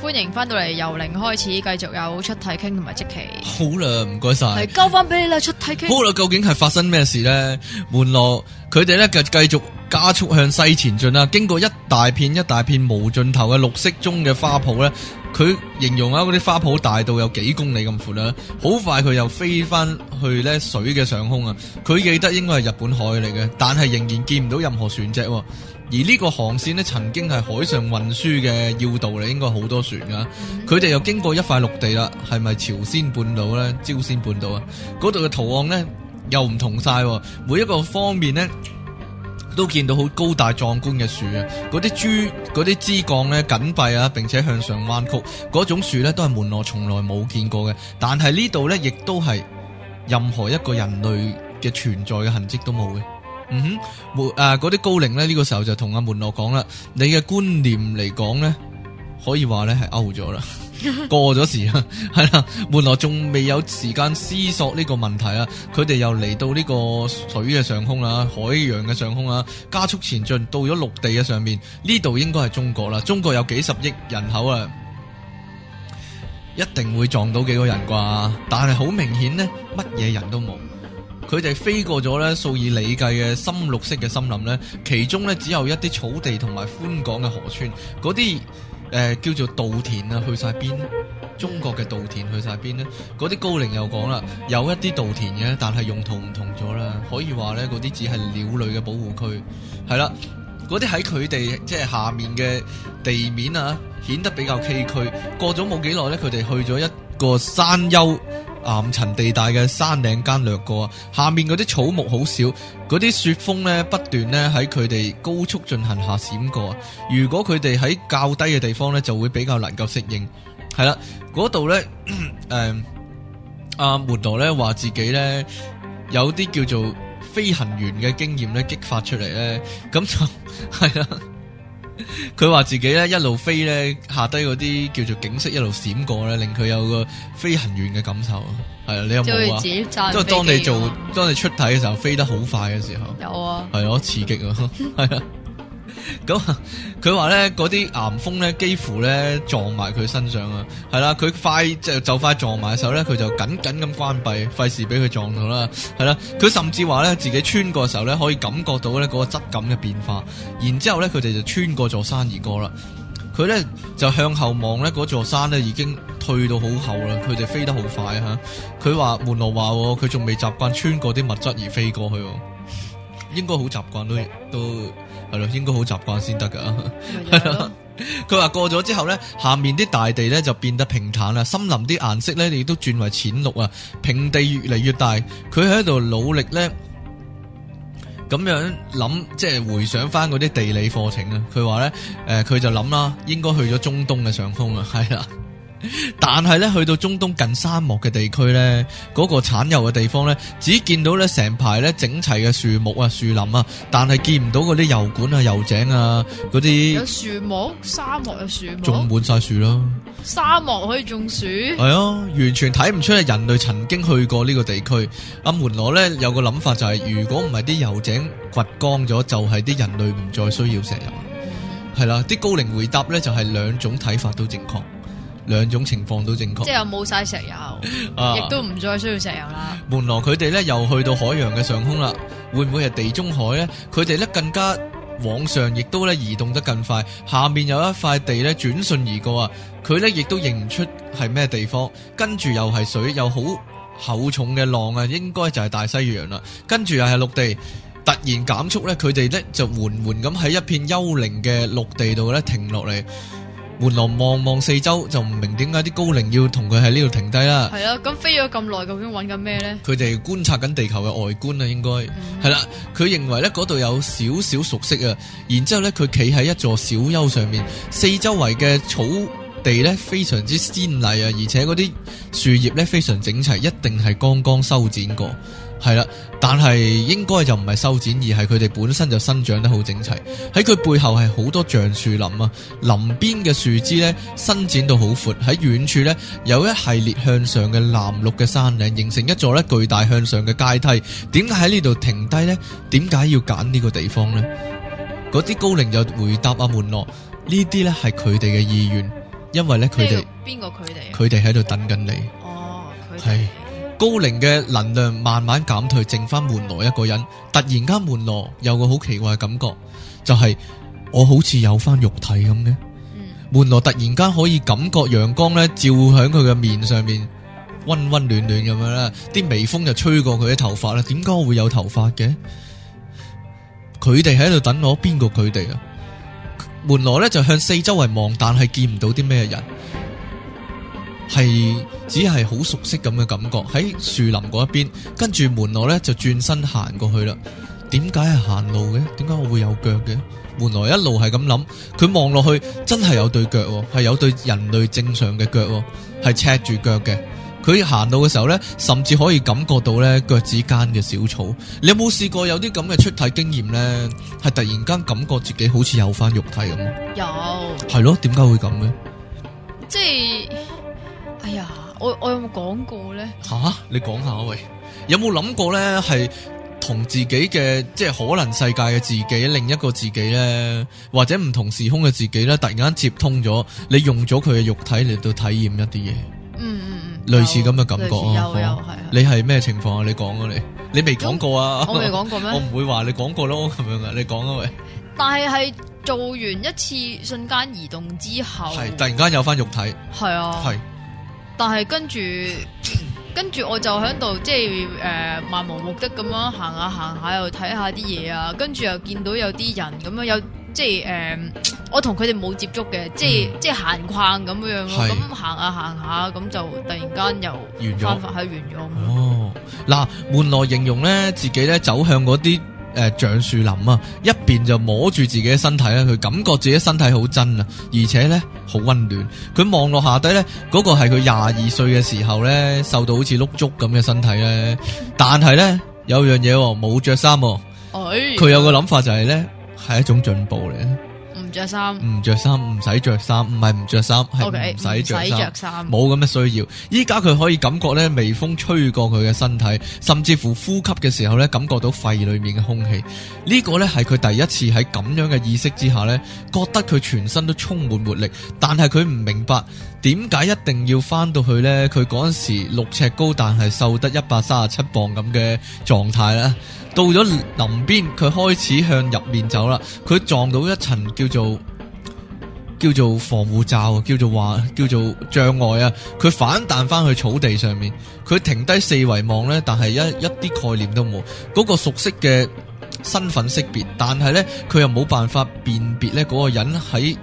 歡迎翻到嚟，由零開始，繼續有出體傾同埋即期。好啦，唔該晒，係交翻俾你啦，出體傾。好啦，究竟係發生咩事呢？門羅，佢哋呢就繼續加速向西前進啦。經過一大片一大片無盡頭嘅綠色中嘅花圃咧。佢形容啊，嗰啲花圃大到有幾公里咁闊啦，啊，好快佢又飛翻去咧水嘅上空啊！佢記得應該係日本海嚟嘅，但係仍然見唔到任何船隻，啊，而呢個航線咧曾經係海上運輸嘅要道嚟，應該好多船噶，啊。佢哋又經過一塊陸地啦，係咪朝鮮半島咧？朝鮮半島啊，嗰度嘅圖案咧又唔同晒，啊，每一個方面咧，都見到好高大壯觀嘅樹啊！嗰啲枝嗰啲枝幹咧緊閉啊，並且向上彎曲，嗰種樹咧都係門羅從來冇見過嘅。但係呢度咧，亦都係任何一個人類嘅存在嘅痕跡都冇嘅。嗯哼，沒啊！嗰啲高靈咧呢、這個時候就同阿、啊、門羅講啦，你嘅觀念嚟講咧。可以話咧係 out 咗啦，過咗時啦，係啦，門羅仲未有時間思索呢個問題啊！佢哋又嚟到呢個水嘅上空啦，海洋嘅上空啦，加速前進到咗陸地嘅上面，呢度應該係中國啦！中國有幾十億人口啊，一定會撞到幾個人啩？但係好明顯呢，乜嘢人都冇。佢哋飛過咗呢數以里計嘅深綠色嘅森林呢，其中呢，只有一啲草地同埋寬廣嘅河川嗰啲。誒、呃、叫做稻田啊，去晒邊？中國嘅稻田去晒邊呢？嗰啲高齡又講啦，有一啲稻田嘅，但係用途唔同咗啦。可以話呢，嗰啲只係鳥類嘅保護區。係啦，嗰啲喺佢哋即係下面嘅地面啊，顯得比較崎嶇。過咗冇幾耐呢，佢哋去咗一個山丘。岩層地帶嘅山嶺間掠過，下面嗰啲草木好少，嗰啲雪峰咧不斷咧喺佢哋高速進行下閃過。如果佢哋喺較低嘅地方咧，就會比較能夠適應。係啦，嗰度咧，誒、阿門羅咧話自己咧有啲叫做飛行員嘅經驗咧激發出嚟咧，咁就係啦。佢話 自己咧一路飛咧下低嗰啲叫做景色一路閃過咧令佢有個飛行員嘅感受，係啊，你有冇啊？即係當你做當你出體嘅時候，飛得好快嘅時候，有啊，係啊，刺激啊，係啊。咁佢話咧嗰啲岩峰咧幾乎咧撞埋佢身上啊，係啦，佢快就就快撞埋嘅時候咧，佢就緊緊咁關閉，費事俾佢撞到啦，係啦，佢甚至話咧自己穿過嘅時候咧，可以感覺到咧嗰個質感嘅變化，然之後咧佢哋就穿過座山而過啦，佢咧就向後望咧，嗰座山咧已經退到好後啦，佢哋飛得好快吓，佢話門羅話佢仲未習慣穿過啲物質而飛過去喎，應該好習慣都都。都都。係咯，應該好習慣先得噶。佢話過咗之後呢，下面啲大地呢就變得平坦啦，森林啲顏色呢亦都轉為淺綠啊，平地越嚟越大。佢喺度努力呢，咁樣諗，即係回想翻嗰啲地理課程啊。佢話呢，誒、呃，佢就諗啦，應該去咗中東嘅上空啊，係啦。 但係咧，去到中東近沙漠嘅地區呢嗰、那個產油嘅地方呢只見到咧成排咧整齊嘅樹木啊、樹林啊，但係見唔到嗰啲油管啊、油井啊嗰啲。有樹木，沙漠有樹木。種滿晒樹咯。沙漠可以種樹。係 啊，完全睇唔出係人類曾經去過呢個地區。阿門羅呢有個諗法就係、是，如果唔係啲油井掘光咗，就係、是、啲人類唔再需要石油。係啦、啊，啲高靈回答呢就係、是、兩種睇法都正確。兩種情況都正確，即係冇晒石油，亦都唔再需要石油啦、啊。門羅佢哋咧又去到海洋嘅上空啦，會唔會係地中海呢？佢哋咧更加往上，亦都咧移動得更快。下面有一塊地咧轉瞬而過啊，佢咧亦都認唔出係咩地方。跟住又係水，又好厚重嘅浪啊，應該就係大西洋啦。跟住又係陸地，突然減速咧，佢哋咧就緩緩咁喺一片幽靈嘅陸地度咧停落嚟。門羅望望四周，就唔明點解啲高靈要同佢喺呢度停低啦。係啦、啊，咁飛咗咁耐，究竟揾緊咩呢？佢哋觀察緊地球嘅外觀啊，應該係啦。佢認為呢嗰度有少少熟悉啊。然之後咧，佢企喺一座小丘上面，四周圍嘅草地呢非常之鮮麗啊，而且嗰啲樹葉呢非常整齊，一定係剛剛修剪過。係啦，但係應該就唔係修剪，而係佢哋本身就生長得好整齊。喺佢背後係好多橡樹林啊，林邊嘅樹枝咧伸展到好闊。喺遠處咧有一系列向上嘅藍綠嘅山嶺，形成一座咧巨大向上嘅階梯。點解喺呢度停低呢？點解要揀呢個地方呢？嗰啲高靈就回答阿門羅：呢啲咧係佢哋嘅意願，因為咧佢哋邊個佢哋？佢哋喺度等緊你。哦，係。高齡嘅能量慢慢減退，剩翻門羅一個人。突然間門羅有個好奇怪嘅感覺，就係、是、我好似有翻肉體咁嘅。嗯、門羅突然間可以感覺陽光咧照響佢嘅面上面，溫溫暖暖咁樣啦。啲微風就吹過佢嘅頭髮啦。點解我會有頭髮嘅？佢哋喺度等我，邊個佢哋啊？門羅咧就向四周圍望，但係見唔到啲咩人。係只係好熟悉咁嘅感覺，喺樹林嗰一邊，跟住門羅呢就轉身行過去啦。點解係行路嘅？點解我會有腳嘅？門羅一路係咁諗，佢望落去真係有對腳，係有對人類正常嘅腳，係赤住腳嘅。佢行到嘅時候呢，甚至可以感覺到呢腳趾間嘅小草。你有冇試過有啲咁嘅出體經驗呢？係突然間感覺自己好似有翻肉體咁。有係咯？點解會咁嘅？即係。哎呀，我我有冇講過咧？吓，你講下喂，有冇諗過咧？係同自己嘅，即係可能世界嘅自己，另一個自己咧，或者唔同時空嘅自己咧，突然間接通咗，你用咗佢嘅肉體嚟到，體驗一啲嘢。嗯嗯，類似咁嘅感覺。有有係，你係咩情況啊？你講啊，你你未講過啊？我未講過咩？我唔會話你講過咯，咁樣嘅。你講啊喂。但係，係做完一次瞬間移動之後，係突然間有返肉體。係啊，係。但係跟住、嗯，跟住我就喺度即係誒、呃，漫無目的咁樣行下行下，走着走着又睇下啲嘢啊。跟住又見到有啲人咁樣，有即係誒、呃，我同佢哋冇接觸嘅，即係即係閒逛咁樣咯。咁行下行下，咁、嗯、就突然間又，方法係完咗了。哦，嗱，門羅形容咧，自己咧走向嗰啲。誒，蔣樹、呃、林啊，一邊就摸住自己嘅身體咧、啊，佢感覺自己身體好真啊，而且咧好溫暖。佢望落下底咧，嗰、嗰個係佢廿二歲嘅時候咧，瘦到好似碌竹咁嘅身體咧、啊，但係咧有樣嘢冇着衫。佢、哦哎、呀有個諗法就係咧，係一種進步嚟。着衫唔着衫，唔使着衫，唔係唔着衫，係唔使着衫，冇咁嘅需要。依家，佢可以感覺咧微風吹過佢嘅身體，甚至乎呼吸嘅時候咧，感覺到肺裏面嘅空氣。呢個咧係佢第一次喺咁樣嘅意識之下咧，覺得佢全身都充滿活力。但係佢唔明白點解一定要翻到去咧？佢嗰時六尺高，但係瘦得一百三十七磅咁嘅狀態咧。到咗林邊，佢開始向入面走啦。佢撞到一層叫做叫做防護罩，叫做話叫做障礙啊。佢反彈翻去草地上面，佢停低四圍望呢。但係一一啲概念都冇。嗰、那個熟悉嘅身份識別，但係呢，佢又冇辦法辨別呢嗰個人喺。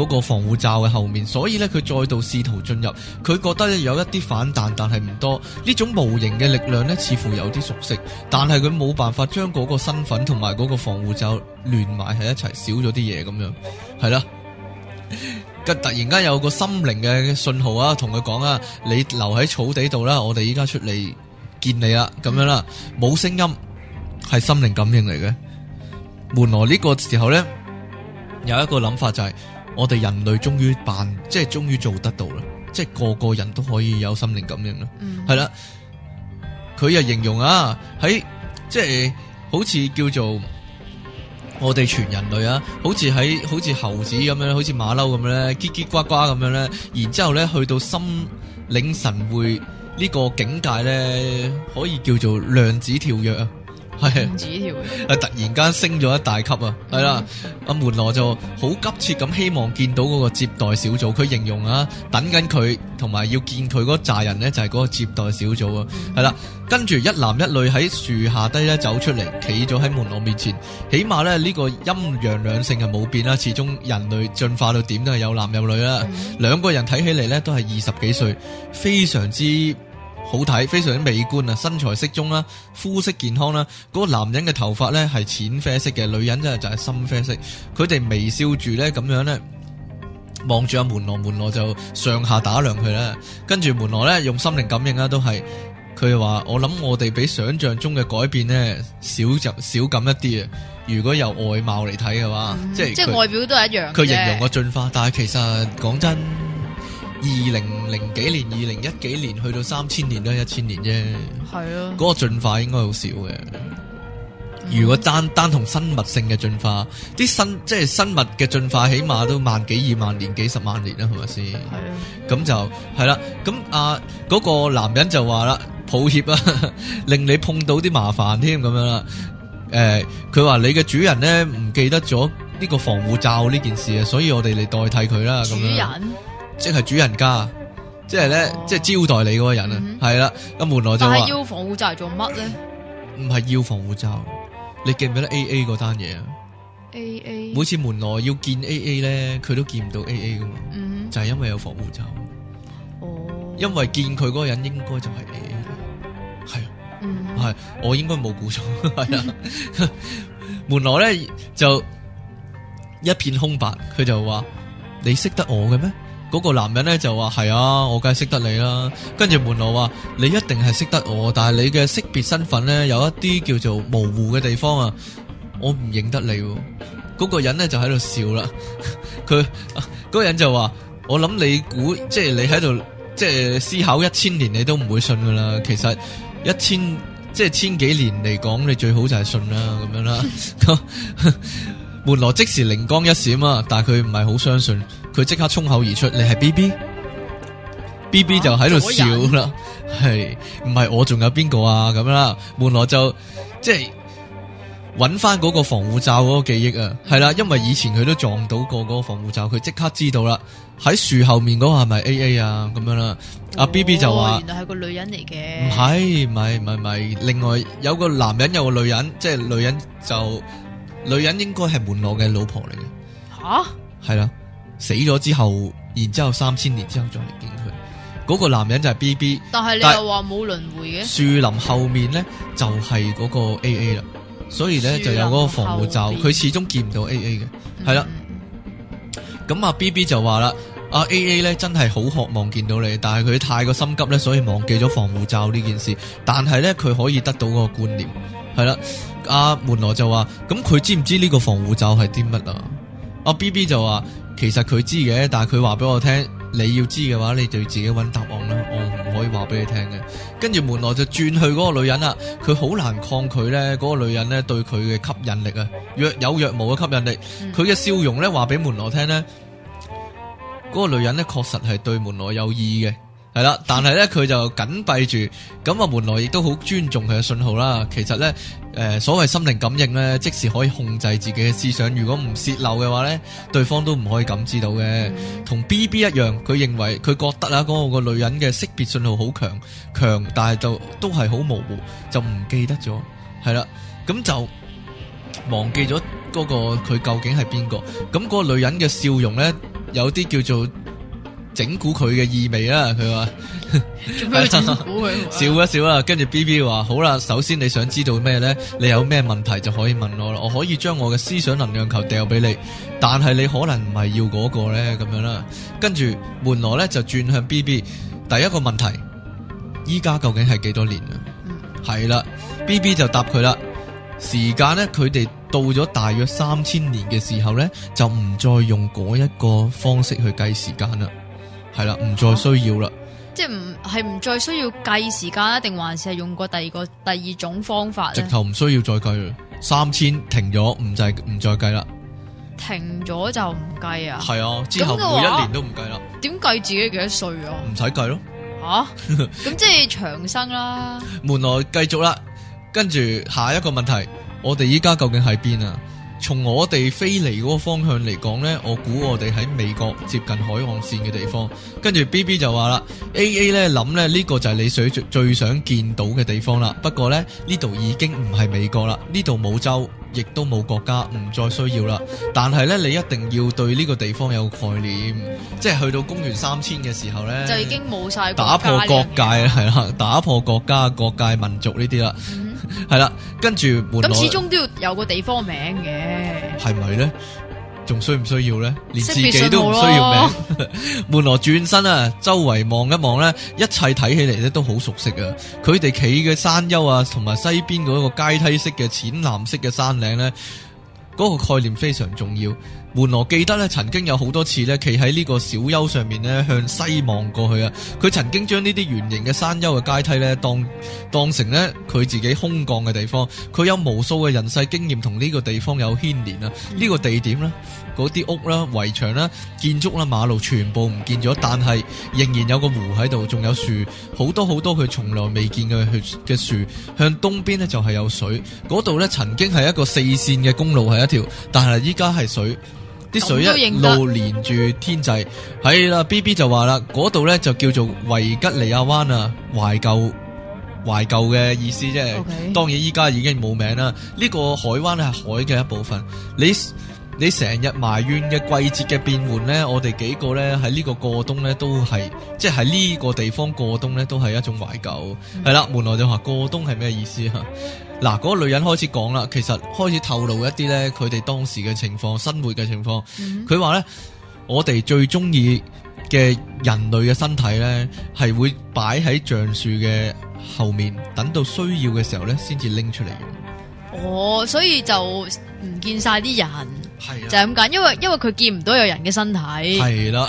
嗰個防護罩嘅後面，所以呢，佢再度試圖進入，佢覺得有一啲反彈，但係唔多。呢種無形嘅力量呢，似乎有啲熟悉，但係佢冇辦法將嗰個身份同埋嗰個防護罩連埋喺一齊，少咗啲嘢咁樣，係啦。 突然間有個心靈嘅信號啊，同佢講啊，你留喺草地度啦，我哋依家出嚟見你啦，咁樣啦，冇聲音，係心靈感應嚟嘅。門羅呢個時候呢，有一個諗法就係、是。我哋人類終於辦，即係終於做得到啦！即係個個人都可以有心靈感應啦，係啦、嗯。佢又形容啊，喺即係好似叫做我哋全人類啊，好似喺好似猴子咁樣，好似馬騮咁樣咧，嘰嘰呱呱咁樣咧，然之後咧去到心領神會呢個境界咧，可以叫做量子跳躍啊！係，突然間升咗一大級、嗯、啊！係啦，阿門羅就好急切咁希望見到嗰個接待小組，佢形容啊，等緊佢同埋要見佢嗰扎人呢，就係、是、嗰個接待小組啊！係啦、嗯，跟住一男一女喺樹下低咧走出嚟，企咗喺門羅面前。起碼咧呢、這個陰陽兩性係冇變啦，始終人類進化到點都係有男有女啦。兩、嗯、個人睇起嚟咧都係二十幾歲，非常之。好睇，非常之美觀啊！身材適中啦，膚色健康啦。嗰、那個男人嘅頭髮咧係淺啡色嘅，女人真係就係深啡色。佢哋微笑住咧，咁樣咧望住阿門羅，門羅就上下打量佢啦。跟住門羅咧，用心靈感應啦，都係佢話：我諗我哋比想象中嘅改變呢，少就少咁一啲啊！如果由外貌嚟睇嘅話，嗯、即係外表都係一樣，佢形容我進化，但係其實講真。二零零幾年，二零一幾年去到三千年都係一千年啫，係咯、啊。嗰個進化應該好少嘅。如果單單同生物性嘅進化，啲生即係生物嘅進化，起碼都萬幾二萬年、幾十萬年、啊、啦，係咪先？係。咁就係啦。咁啊，嗰、嗰個男人就話啦，抱歉啊， 令你碰到啲麻煩添咁樣啦。誒、欸，佢話，你嘅主人咧唔記得咗呢個防護罩呢件事啊，所以我哋嚟代替佢啦。咁樣主人。即係主人家，即係咧，oh. 即係招待你嗰個人啊，係啦、mm。咁、hmm. 門羅就話要防護罩做乜咧？唔係要防護罩，你記唔記得 AA A A 嗰單嘢啊？A A 每次門羅要見 A A 咧，佢都見唔到 A A 噶嘛，mm hmm. 就係因為有防護罩。哦，oh. 因為見佢嗰個人應該就係 A A，係，係、啊 mm hmm. 啊、我應該冇估錯，係 啊。 門羅咧就一片空白，佢就話你識得我嘅咩？嗰個男人咧就話係啊，我梗係識得你啦。跟住門羅話你一定係識得我，但係你嘅識別身份咧有一啲叫做模糊嘅地方啊，我唔認得你喎。嗰、那個人咧就喺度笑啦。佢 嗰、那個人就話我諗你估即係、就是、你喺度即係思考一千年你都唔會信噶啦。其實一千即係、就是、千幾年嚟講，你最好就係信啦咁樣啦。 門羅即時靈光一閃啊，但係佢唔係好相信。佢即刻衝口而出，你係 B B，B B 就喺度笑啦，係唔係我仲有邊個啊？咁樣啦，門羅就即係搵翻嗰個防護罩嗰個記憶啊，係啦，因為以前佢都撞到過嗰個防護罩，佢即刻知道啦，喺樹後面嗰個係咪 A A 啊？咁樣啦，阿 B B 就話，原來係個女人嚟嘅，唔係，唔係，唔係，唔係，另外有個男人有個女人，即係女人就女人應該係門羅嘅老婆嚟嘅，吓，係啦。死咗之後，然之後三千年之後再嚟見佢，嗰、那個男人就係 B B。但係你又話冇輪迴嘅。樹林後面呢，就係、是、嗰個 A A 啦，所以呢，樹林 就有嗰個防護罩，佢邊始終見唔到 A A 嘅。係啦，咁阿 B B 就話啦，阿、啊、A A 呢，真係好渴望見到你，但係佢太過心急呢，所以忘記咗防護罩呢件事。但係呢，佢可以得到嗰個觀念。係啦，阿、啊、門羅就話，咁佢知唔知呢個防護罩係啲乜啊？阿、啊、B B 就話。其實佢知嘅，但係佢話俾我聽，你要知嘅話，你就自己揾答案啦。我唔可以話俾你聽嘅。跟住門羅就轉去嗰個女人啦，佢好難抗拒呢嗰個女人呢對佢嘅吸引力啊，若有若無嘅吸引力。佢嘅、嗯、笑容呢話俾門羅聽呢。嗰、那個女人呢確實係對門羅有意嘅。係啦，但係咧佢就緊閉住，咁啊門羅亦都好尊重佢嘅信號啦。其實咧，誒所謂心靈感應咧，即使可以控制自己嘅思想，如果唔洩漏嘅話咧，對方都唔可以感知到嘅。同 B B 一樣，佢認為佢覺得啊嗰個個女人嘅識別信號好強強，但係就都係好模糊，就唔記得咗。係啦，咁就忘記咗嗰個佢究竟係邊個。咁嗰個女人嘅笑容咧，有啲叫做整蠱佢嘅意味啊！佢話, 啊,、 笑一笑啦、啊，跟住 B B 話好啦，首先你想知道咩呢？你有咩問題就可以問我啦，我可以將我嘅思想能量球掉俾你，但係你可能唔係要嗰個呢。咁樣啦。跟住門羅呢就轉向 B B，第一個問題，依家究竟係幾多年啊？係 啦，B B 就答佢啦。時間呢，佢哋到咗大約三千年嘅時候呢，就唔再用嗰一個方式去計時間啦。係啦，唔再需要啦、啊。即係唔係唔再需要計時間啦？定還是係用過第二個第二種方法？直頭唔需要再計啦，三千停咗，唔再唔再計啦。停咗就唔計啊？係啊，之後每一年都唔計啦。點計自己幾多歲啊？唔使計咯。吓、啊，咁即係長生啦。 門羅繼續啦，跟住下一個問題，我哋依家究竟喺邊啊？從我哋飛嚟嗰個方向嚟講呢，我估我哋喺美國接近海岸線嘅地方。跟住 B B 就話啦，A A 呢，諗呢，呢個就係你水最最想見到嘅地方啦。不過呢，呢度已經唔係美國啦，呢度冇州，亦都冇國家，唔再需要啦。但係呢，你一定要對呢個地方有概念，即係去到公元三千嘅時候呢，就已經冇晒打破國界係啦，打破國家國界、民族呢啲啦。係啦，跟住門羅，咁始終都要有個地方名嘅，係咪咧？仲需唔需要咧？連自己都唔需要名。 門羅轉身啊，周圍望一望咧，一切睇起嚟咧都好熟悉啊！佢哋企嘅山丘啊，同埋西邊嗰個階梯式嘅淺藍色嘅山嶺咧，嗰個概念非常重要。門羅記得咧，曾經有好多次咧，企喺呢個小丘上面咧，向西望過去啊。佢曾經將呢啲圓形嘅山丘嘅階梯咧，當當成咧佢自己空降嘅地方。佢有無數嘅人世經驗同呢個地方有牽連啊。呢、呢個地點啦，嗰啲屋啦、圍牆啦、建築啦、馬路全部唔見咗，但係仍然有個湖喺度，仲有樹，好多好多佢從來未見過嘅嘅樹。向東邊咧就係有水，嗰度咧曾經係一個四線嘅公路係一條，但係依家係水。啲水一路連住天際，係啦。B B 就話啦，嗰度咧就叫做維吉尼亞灣啊，懷舊懷舊嘅意思啫。Okay. 當然依家已經冇名啦。呢、個海灣係海嘅一部分。你。你成日埋怨嘅季節嘅變換呢，我哋幾個呢喺呢個過冬呢都係，即係喺呢個地方過冬呢都係一種懷舊。係啦、嗯，門羅就話過冬係咩意思啊？嗱，嗰、那個女人開始講啦，其實開始透露一啲呢佢哋當時嘅情況、生活嘅情況。佢話呢，我哋最中意嘅人類嘅身體呢係會擺喺橡樹嘅後面，等到需要嘅時候呢先至拎出嚟用。哦，所以就。唔見晒啲人，啊、就係咁講，因為因為佢見唔到有人嘅身體。係啦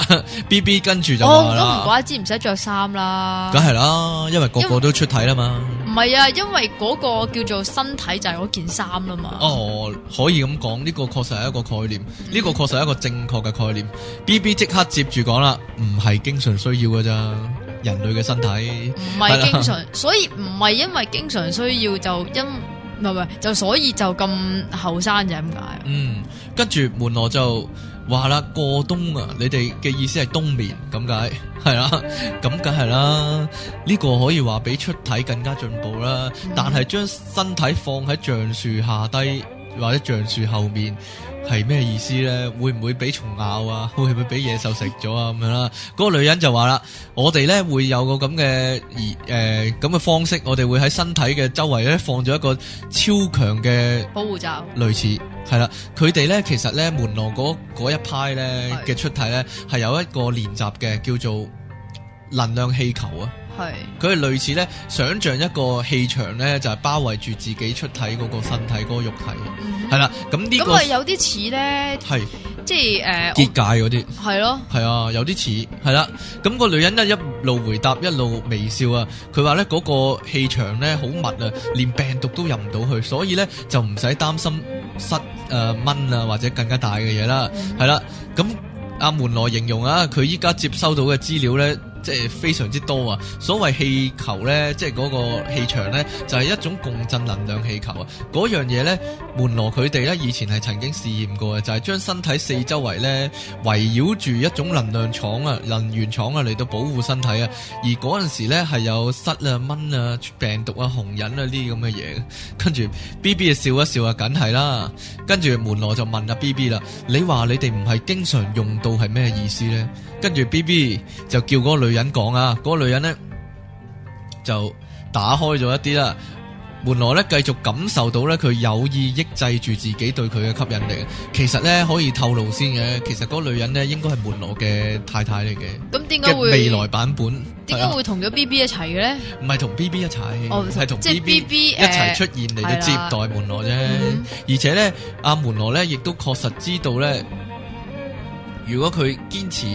，B B 跟住就講我、哦、都唔怪之，唔使着衫啦。梗係啦，因為個個為都出體啦嘛。唔係啊，因為嗰個叫做身體就係嗰件衫啦嘛。哦，可以咁講，呢、這個確實係一個概念，呢、這個確實係一個正確嘅概念。B B 即刻接住講啦，唔係經常需要嘅咋，人類嘅身體唔係經常， 所以唔係因為經常需要就因。唔係唔係，就所以就咁後生就咁解。嗯，跟住門羅就話啦，過冬啊，你哋嘅意思係冬眠，咁解係、啊、啦，咁梗係啦，呢個可以話比出體更加進步啦，但係將身體放喺橡樹下低。嗯或者橡樹後面係咩意思咧？會唔會俾蟲咬啊？會唔會俾野獸食咗啊？咁樣啦，嗰個女人就話啦：，我哋咧會有個咁嘅，誒，咁、呃、咁嘅方式，我哋會喺身體嘅周圍咧放咗一個超強嘅保護罩，類似係啦。佢哋咧其實咧門羅嗰一派咧嘅的出體咧係有一個練習嘅叫做能量氣球啊。佢係類似咧，想象一個氣場咧，就係包圍住自己出體嗰個身體嗰個肉體係啦。咁呢個咁有啲似咧，係即係誒結界嗰啲，係咯，係啊，有啲似係啦。咁個女人咧一路回答，一路微笑啊。佢話咧嗰個氣場咧好密啊，連病毒都入唔到去，所以咧就唔使擔心失誒蚊啊或者更加大嘅嘢啦。係啦，咁阿門羅形容啊，佢依家接收到嘅資料咧，即係非常之多啊！所謂氣球呢，即係嗰個氣場呢，就係、是、一種共振能量氣球啊！嗰樣嘢呢，門羅佢哋呢，以前係曾經試驗過嘅，就係、是、將身體四周圍呢，圍繞住一種能量廠啊、能源廠啊嚟到保護身體啊。而嗰陣時呢係有虱啊、蚊啊、病毒啊、紅癥啊呢啲咁嘅嘢。跟住 B B 就笑一笑啊，梗係啦。跟住門羅就問阿、啊、B B 啦：你話你哋唔係經常用到係咩意思呢？」跟住 B B 就叫嗰個女人講啊，嗰、嗰個女人呢就打開咗一啲啦，門羅呢繼續感受到呢，佢有意抑制住自己對佢嘅吸引力，其實呢，可以透露先嘅，其實嗰個女人呢應該係門羅嘅太太嚟嘅。咁點解會未來版本點解會同咗 B B 一齊嘅呢？唔係同 B B 一齊，係同即 B B 一齊出現嚟接待門羅啫。嗯、而且呢，阿門羅呢亦都確實知道呢，如果佢堅持。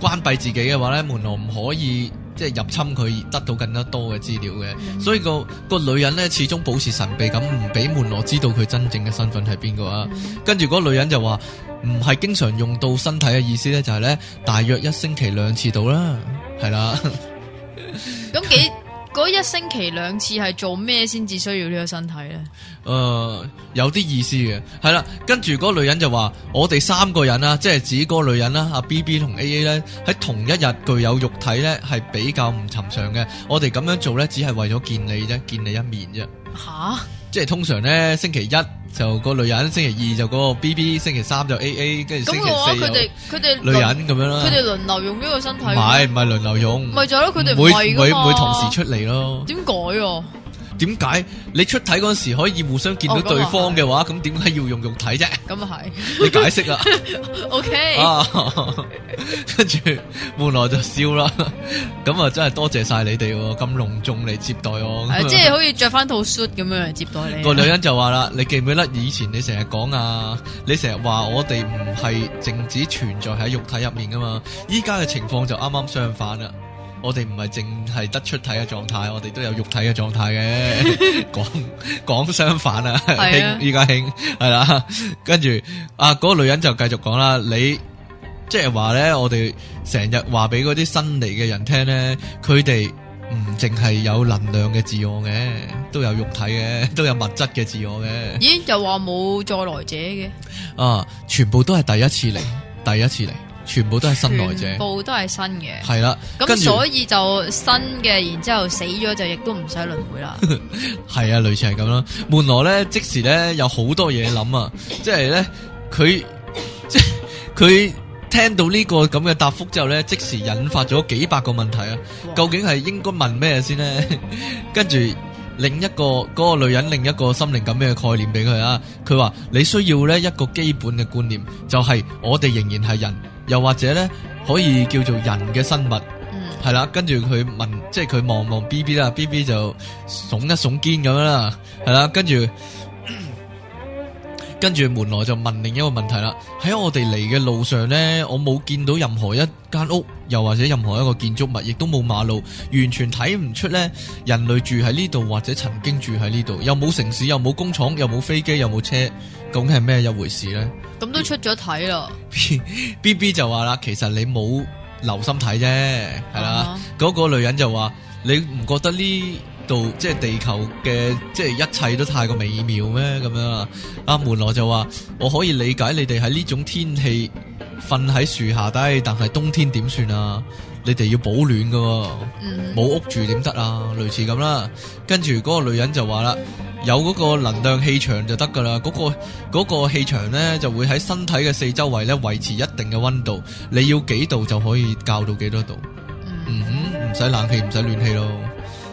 關閉自己嘅話咧，門羅唔可以即係入侵佢，得到更加多嘅資料嘅。Mm hmm. 所以個個女人咧，始終保持神秘，咁唔俾門羅知道佢真正嘅身份係邊個啊。Mm hmm. 跟住嗰個女人就話，唔係經常用到身體嘅意思咧，就係、是、咧大約一星期兩次到啦，係 啦喜。咁幾？嗰一星期兩次係做咩先至需要呢個身體呢？誒、呃，有啲意思嘅，係啦。跟住嗰女人就話：我哋三個人啦，即係指嗰女人啦，阿、啊、B B 同 A A 呢，喺同一日具有肉體呢，係比較唔尋常嘅。我哋咁樣做呢，只係為咗見你啫，見你一面啫。吓、啊？即係通常咧，星期一就個女人，星期二就嗰個 B B，星期三就 A A，跟住星期四佢哋女人咁樣啦。佢哋輪流用呢個身體。唔係唔係輪流用。咪就係咯，佢哋會會唔會同時出嚟咯？點改啊？點解你出體嗰時可以互相見到對方嘅話，咁點解要用肉體啫？咁啊係，你解釋啦 Okay、啊。OK，跟住換我就笑啦。咁 啊、哦，真係多謝晒你哋，咁隆重嚟接待我。啊、樣即係好似着翻套恤咁樣嚟接待你、啊。個女人就話啦，你記唔記得以前你成日講啊？你成日話我哋唔係淨止存在喺肉體入面噶嘛？依家嘅情況就啱啱相反啦。我哋唔係淨係得出體嘅狀態，我哋都有肉體嘅狀態嘅，講講 相反啊！興依家興係啦，跟住啊嗰個女人就繼續講啦，你即係話咧，我哋成日話俾嗰啲新嚟嘅人聽咧，佢哋唔淨係有能量嘅自我嘅，都有肉體嘅，都有物質嘅自我嘅。咦、欸？就話冇再來者嘅？啊！全部都係第一次嚟，第一次嚟。全部都係新來者，部都係新嘅，係啦的。咁着所以就新嘅，然之後死咗就亦都唔使輪迴啦。係啊， 類似係咁啦。門羅咧即時咧有好多嘢諗啊，即係咧佢即佢聽到呢個咁嘅答覆之後咧，即時引發咗幾百個問題啊。哇究竟係應該問咩先咧？ 跟住另一個嗰個女人，另一個、那個、另一個心靈咁嘅概念俾佢啊。佢話你需要咧一個基本嘅觀念，就係、是、我哋仍然係人。又或者咧，可以叫做人嘅生物，嗯，係啦。跟住佢問，即係佢望望 B B 啦，B B 就聳一聳肩咁樣啦，係啦。跟住。跟住門羅就問另一個問題啦，喺我哋嚟嘅路上呢，我冇見到任何一間屋，又或者任何一個建築物，亦都冇馬路，完全睇唔出呢人類住喺呢度或者曾經住喺呢度，又冇城市，又冇工廠，又冇飛機，又冇車，咁係咩一回事呢？咁都出咗體啦，B B 就話啦，其實你冇留心睇啫，係啦，嗰、uh huh. 個女人就話你唔覺得呢？度即係地球嘅，即係一切都太過美妙咩咁樣啊？阿門羅就話，我可以理解你哋喺呢種天氣瞓喺樹下低，但係冬天點算啊？你哋要保暖噶、啊，冇、嗯、屋住點得啊？類似咁啦、啊，跟住嗰個女人就話啦，有嗰個能量氣場就得噶啦，嗰、嗰個嗰、嗰個氣場咧，就會喺身體嘅四周圍咧維持一定嘅溫度，你要幾度就可以較到幾多度，嗯，嗯哼，唔使冷氣唔使暖氣咯。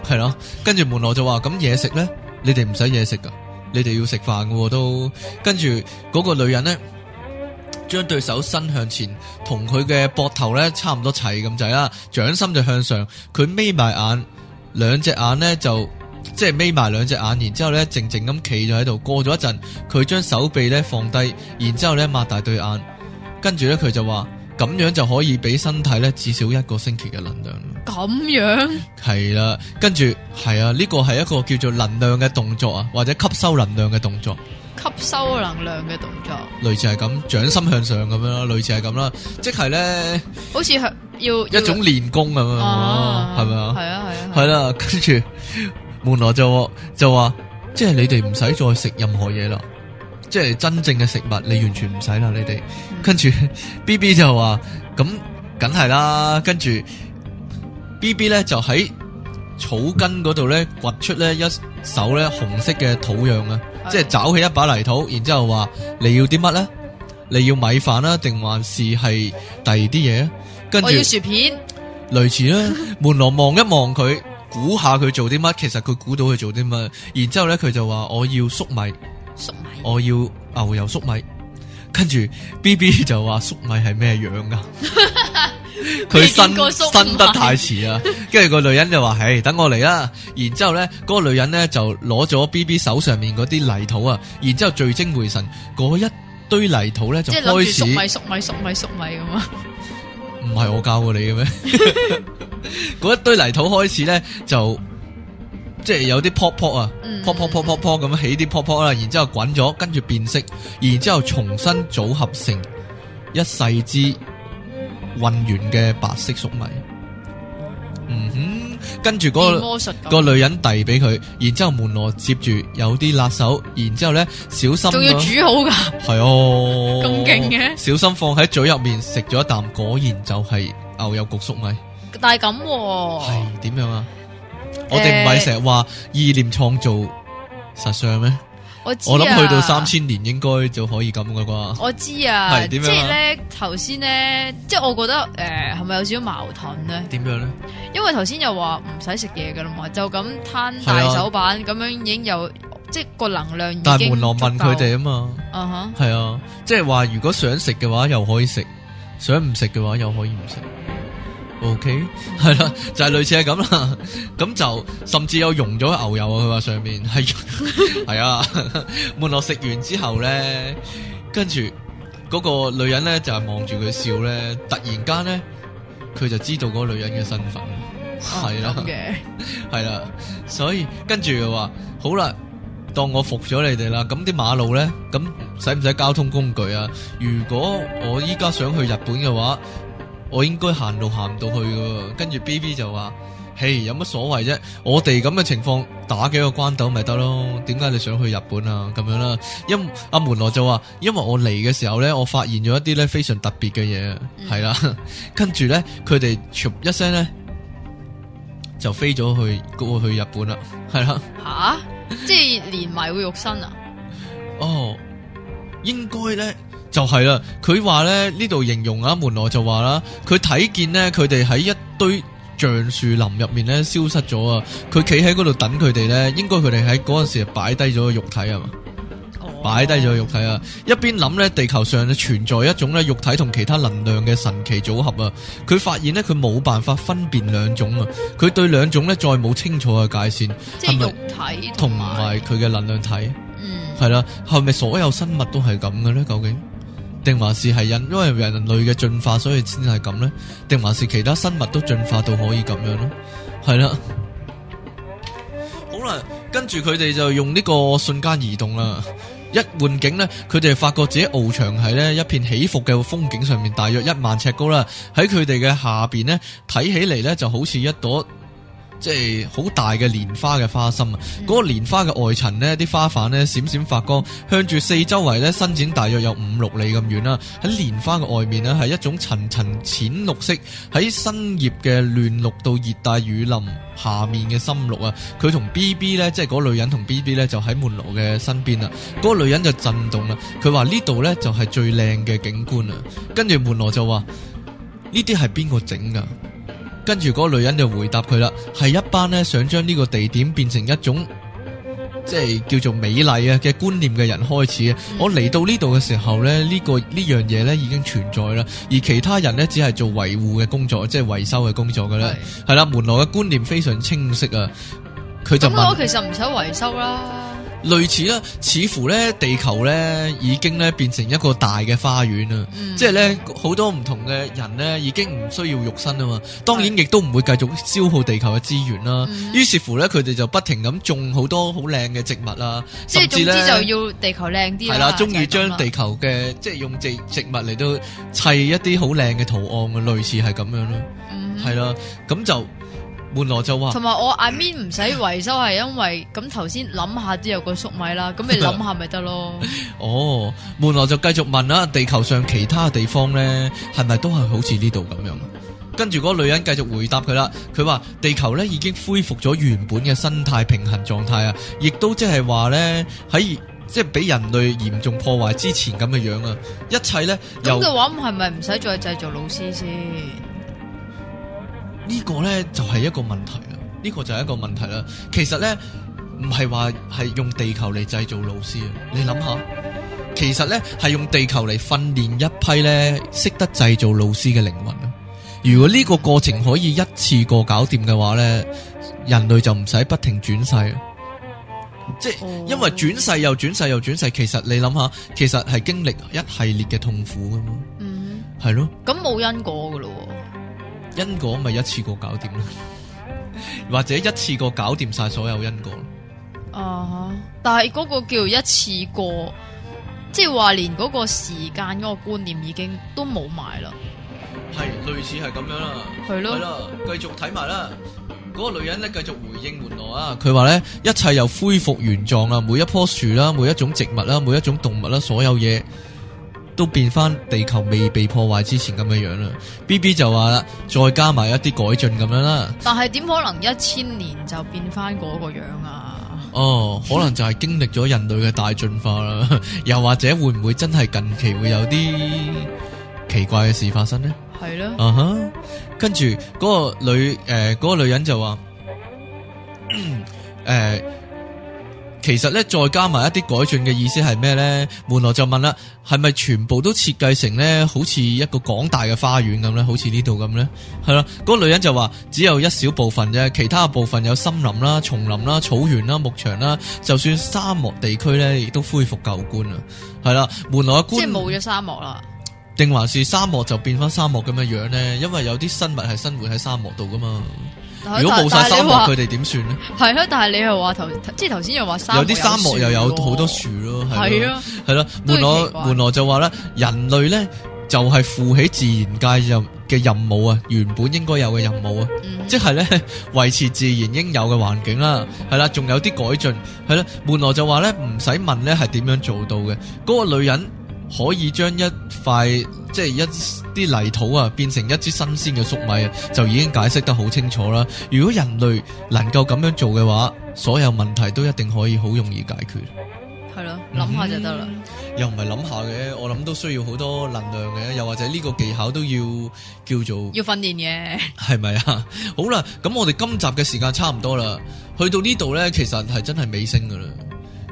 係咯，跟住門羅就話：咁嘢食呢？你哋唔使嘢食噶、啊，你哋要食飯嘅都。跟住嗰個女人呢，將對手伸向前，同佢嘅膊頭呢差唔多齊咁滯啦，掌心就向上，佢眯埋眼，兩隻眼呢就即係眯埋兩隻眼，然之後咧靜靜咁企咗喺度。過咗一陣，佢將手臂呢放低，然之後咧擘大對眼，跟住呢，佢就話：咁樣就可以俾身體呢至少一個星期嘅能量。咁樣係啦，跟住係啊，呢個係一個叫做能量嘅動作啊，或者吸收能量嘅動作，吸收能量嘅動作，類似係咁掌心向上咁樣啦，類似係咁啦，即係咧，好似要，要一種練功咁樣，係咪啊？係啊，係啊，係啦、啊，跟住、啊，門羅、啊啊啊啊、就就話，即係你哋唔使再食任何嘢啦，即係真正嘅食物，你完全唔使啦，你哋、嗯，跟住 B B 就話，咁梗係啦，跟住。B B 咧就喺草根嗰度咧掘出咧一手咧紅色嘅土壤啊，Okay. 即係抓起一把泥土，然之後話你要啲乜咧？你要米飯啊？定還是係第二啲嘢？跟住我要薯片，類似啦。 門羅望一望佢，估下佢做啲乜？其實佢估到佢做啲乜，然之後咧佢就話我要粟米，粟米，我要牛油粟米。跟住 B B 就話粟米係咩樣噶？ 佢伸伸得太遲啦，跟住個女人就話：唉，等我嚟啦。然之後咧，嗰個女人咧就攞咗 B B 手上面嗰啲泥土啊，然之後聚精會神嗰一堆泥土咧，就開始熟米熟米熟米熟米咁啊！唔係我教過你嘅咩？嗰一堆泥土開始咧就即係有啲潑潑啊，潑潑潑潑潑咁起啲潑潑啦，然之後滾咗，跟住變色，然之後重新組合成一細支。混完嘅白色粟米，嗯哼，跟住嗰個個女人遞俾佢，然之後門羅接住，有啲辣手，然之後呢，小心，仲要煮好㗎，係哦，咁勁嘅，小心，放喺嘴入面食咗一啖，果然就係牛油焗粟米，但係咁係點樣啊？我哋唔係成日話意念創造實相咩？我、啊、我諗去到三千年應該就可以咁嘅啩，我知啊，樣啊即係咧頭先咧，即係我覺得誒係咪有少少矛盾咧？點樣咧？因為頭先又話唔使食嘢嘅啦嘛，就咁攤大手板咁、啊、樣已經有即係個能量已經，但係門羅問佢哋啊嘛，啊哈、uh，係、huh. 啊，即係話如果想食嘅話又可以食，想唔食嘅話又可以唔食。OK，係啦，就係、是、類似係咁啦，咁 就甚至有溶咗牛油啊！佢話上面係係啊，門羅食完之後咧，跟住嗰、那個女人咧就係望住佢笑咧，突然間咧，佢就知道嗰個女人嘅身份，係啦，係啦，所以跟住又話好啦，當我服咗你哋啦，咁啲馬路咧，咁使唔使交通工具啊？如果我依家想去日本嘅話。我應該行路行唔到去噶，跟住 BB 就話：嘿，有乜所謂啫？我哋咁嘅情況打幾個關斗咪得咯？點解你想去日本啊？咁樣啦，因阿、啊、門羅就話：因為我嚟嘅時候咧，我發現咗一啲咧非常特別嘅嘢，係啦、嗯。跟住咧，佢哋一聲咧就飛咗去過去日本啦，係啦。吓、啊， 即係連埋個肉身啊？哦，應該咧。就係啦，佢話咧呢度形容啊，門羅就話啦，佢睇見呢，佢哋喺一堆橡樹林入面咧消失咗啊，佢企喺嗰度等佢哋咧，應該佢哋喺嗰陣時擺低咗個肉體啊嘛，擺低咗個肉體啊，一邊諗咧地球上存在一種咧肉體同其他能量嘅神奇組合啊，佢發現咧佢冇辦法分辨兩種啊，佢對兩種咧再冇清楚嘅界線，即係肉體同埋佢嘅能量體？嗯，係啦，係咪所有生物都係咁嘅咧？究竟？定還是係人，因為人類嘅進化，所以先係咁呢？定還是其他生物都進化到可以咁樣咧，係啦。 好啦，跟住佢哋就用呢個瞬間移動啦，一換景呢，佢哋發覺自己翱翔喺呢一片起伏嘅風景上面，大約一萬尺高啦。喺佢哋嘅下邊呢，睇起嚟呢就好似一朵。即係好大嘅蓮花嘅花心啊！嗰個蓮花嘅外層呢啲花瓣呢閃閃發光，向住四周圍呢伸展，大約有五六里咁遠啦。喺蓮花嘅外面呢，係一種層層淺綠色，喺新葉嘅嫩綠到熱帶雨林下面嘅深綠啊！佢同 B B 呢，即係嗰女人同 B B 呢，就喺門羅嘅身邊啊。嗰女人就震動啦，佢話呢度呢就係最靚嘅景觀啊！跟住門羅就話：呢啲係邊個整㗎？跟住嗰個女人就回答佢啦，係一班咧想將呢個地點變成一種即係叫做美麗啊嘅觀念嘅人開始啊！嗯、哼我嚟到呢度嘅時候咧，這個這個、呢個呢樣嘢咧已經存在啦，而其他人咧只係做維護嘅工作，即係維修嘅工作嘅咧，係啦、嗯。門羅嘅觀念非常清晰啊，佢就問：咁我其實唔使維修啦。類似咧，似乎咧，地球咧已經咧變成一個大嘅花園啦。嗯、即係咧，好多唔同嘅人咧，已經唔需要肉身啊嘛。當然亦都唔會繼續消耗地球嘅資源啦。嗯、哼於是乎咧，佢哋就不停咁種好多好靚嘅植物啦。甚至咧，即係總之就要地球靚啲。係啦，鍾意將地球嘅即係用植植物嚟到砌一啲好靚嘅圖案嘅，類似係咁樣咯。係啦，咁、嗯、哼就。門羅就話，同埋我阿 m e n 唔使維修係 因為咁頭先諗下之有個粟米啦，咁你諗下咪得咯。 哦，門羅就繼續問啦，地球上其他地方呢，係咪都係好似呢度咁樣？ 跟住嗰個女人繼續回答佢啦，佢話地球呢已經恢復咗原本嘅生態平衡狀態啊，亦都即係話呢，喺即係俾人類嚴重破壞之前咁嘅樣啊，一切呢，咁嘅話，係咪唔使再製造老師先？呢個呢，就係一個問題啊！呢、呢個就係一個問題啦。其實呢，唔係話係用地球嚟製造老師啊。你諗下，其實呢係用地球嚟訓練一批呢識得製造老師嘅靈魂啊。如果呢個過程可以一次過搞掂嘅話呢，人類就唔使不停轉世。即因為轉世又轉世又轉世，其實你諗下，其實係經歷一系列嘅痛苦噶嘛。嗯，係咯。咁冇因果噶咯。因果咪一次過搞掂啦， 或者一次過搞掂晒所有因果。哦、啊，但係嗰個叫一次過，即係話連嗰個時間嗰個觀念已經都冇埋啦。係類似係咁樣啦，係咯，係啦，繼續睇埋啦。嗰、嗰個女人咧繼續回應門羅啊，佢話咧一切又恢復原狀啦，每一棵樹啦，每一種植物啦，每一種動物啦，所有嘢。都變翻地球未被破壞之前咁嘅樣啦。B B 就話再加埋一啲改進咁樣啦。但係點可能一千年就變翻嗰個樣啊？哦，可能就係經歷咗人類嘅大進化啦， 又或者會唔會真係近期會有啲奇怪嘅事發生呢？係咯的。啊哈、uh，跟住嗰個女誒，呃，嗰個女人就話誒。其實咧，再加埋一啲改進嘅意思係咩呢？門羅就問啦，係咪全部都設計成呢？好似一個廣大嘅花園咁呢？好似呢度咁呢？係啦，嗰個女人就話只有一小部分啫，其他部分有森林啦、叢林啦、草原啦、牧場啦，就算沙漠地區呢，亦都恢復舊觀啦。係啦，門羅嘅官即係冇咗沙漠啦，定還是沙漠就變翻沙漠咁嘅樣呢？因為有啲生物係生活喺沙漠度噶嘛。如果冇晒沙漠，佢哋點算咧？係啊，但係你又話頭，即係頭先又話有啲沙漠又有好多樹咯。係啊的，係咯的。門羅門羅就話咧，人類咧就係、是、負起自然界入嘅任務啊，原本應該有嘅任務啊，即係咧維持自然應有嘅環境啦。係啦，仲有啲改進。係啦，門羅就話咧，唔使問咧，係點樣做到嘅？嗰、那個女人。可以將一塊即係、就是、一啲泥土啊，變成一支新鮮嘅粟米啊，就已經解釋得好清楚啦。如果人類能夠咁樣做嘅話，所有問題都一定可以好容易解決。係咯，諗下就得啦、嗯。又唔係諗下嘅，我諗都需要好多能量嘅，又或者呢個技巧都要叫做要訓練嘅，係咪啊？好啦，咁我哋今集嘅時間差唔多啦，去到呢度呢，其實係真係尾聲噶啦。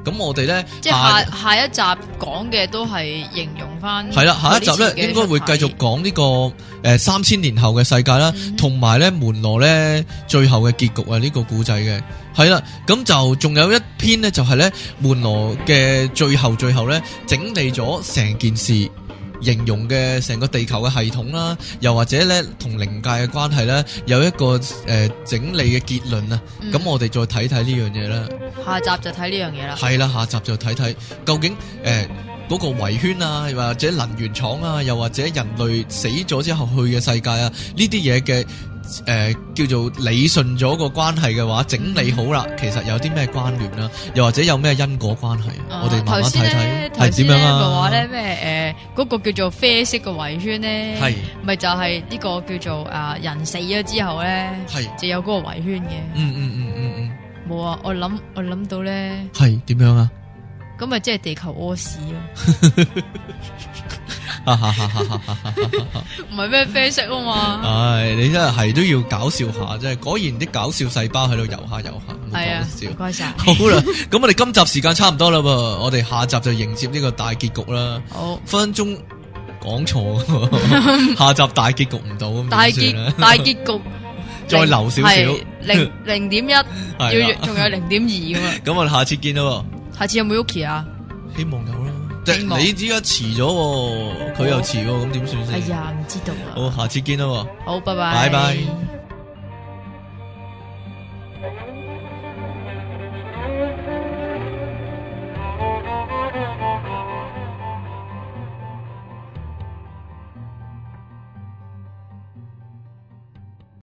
咁我哋呢，即係下下一集講嘅都係形容翻係啦，下一集呢應該會繼續講呢個誒三千年後嘅世界啦，同埋呢門羅呢最後嘅結局啊，呢個故仔嘅係啦，咁就仲有一篇呢就係呢門羅嘅最後最後呢整理咗成件事。形容嘅成個地球嘅系統啦，又或者咧同靈界嘅關係咧，有一個誒、呃、整理嘅結論啊。咁、嗯、我哋再睇睇呢樣嘢啦。下集就睇呢樣嘢啦。係啦，下集就睇睇究竟誒嗰、呃、嗰個圍圈啊，或者能源廠啊，又或者人類死咗之後去嘅世界啊，呢啲嘢嘅。誒、呃，叫做理順咗個關係嘅話，整理好啦，其實有啲咩關聯啦，又或者有咩因果關係、啊、我哋慢慢睇睇係點樣啊？嘅話咧，咩誒嗰個叫做啡色嘅圍圈咧，係咪就係呢個叫做啊人死咗之後咧，係是就有嗰個圍圈嘅、嗯？嗯嗯嗯嗯嗯，冇、嗯嗯、啊！我諗我諗到咧，係點樣啊？咁啊，即係地球屙屎咯。哈哈哈哈哈哈唔係咩啡色啊嘛？唉，你真係係都要搞笑下，真係果然啲搞笑細胞喺度游下游下。係啊，唔該晒。好啦，咁我哋今集時間差唔多啦噃，我哋下集就迎接呢個大結局啦。好，分分鐘講錯，下集大結局唔到，大結大結局再留少少，零零點一，要仲有零點二咁啊！咁我哋下次見咯。下次有冇 Yuki 啊？希望有啦。你依家遲咗喎，佢又遲喎，咁點算先？哎呀，唔知道啊！好，下次見啦！好，拜拜！拜拜。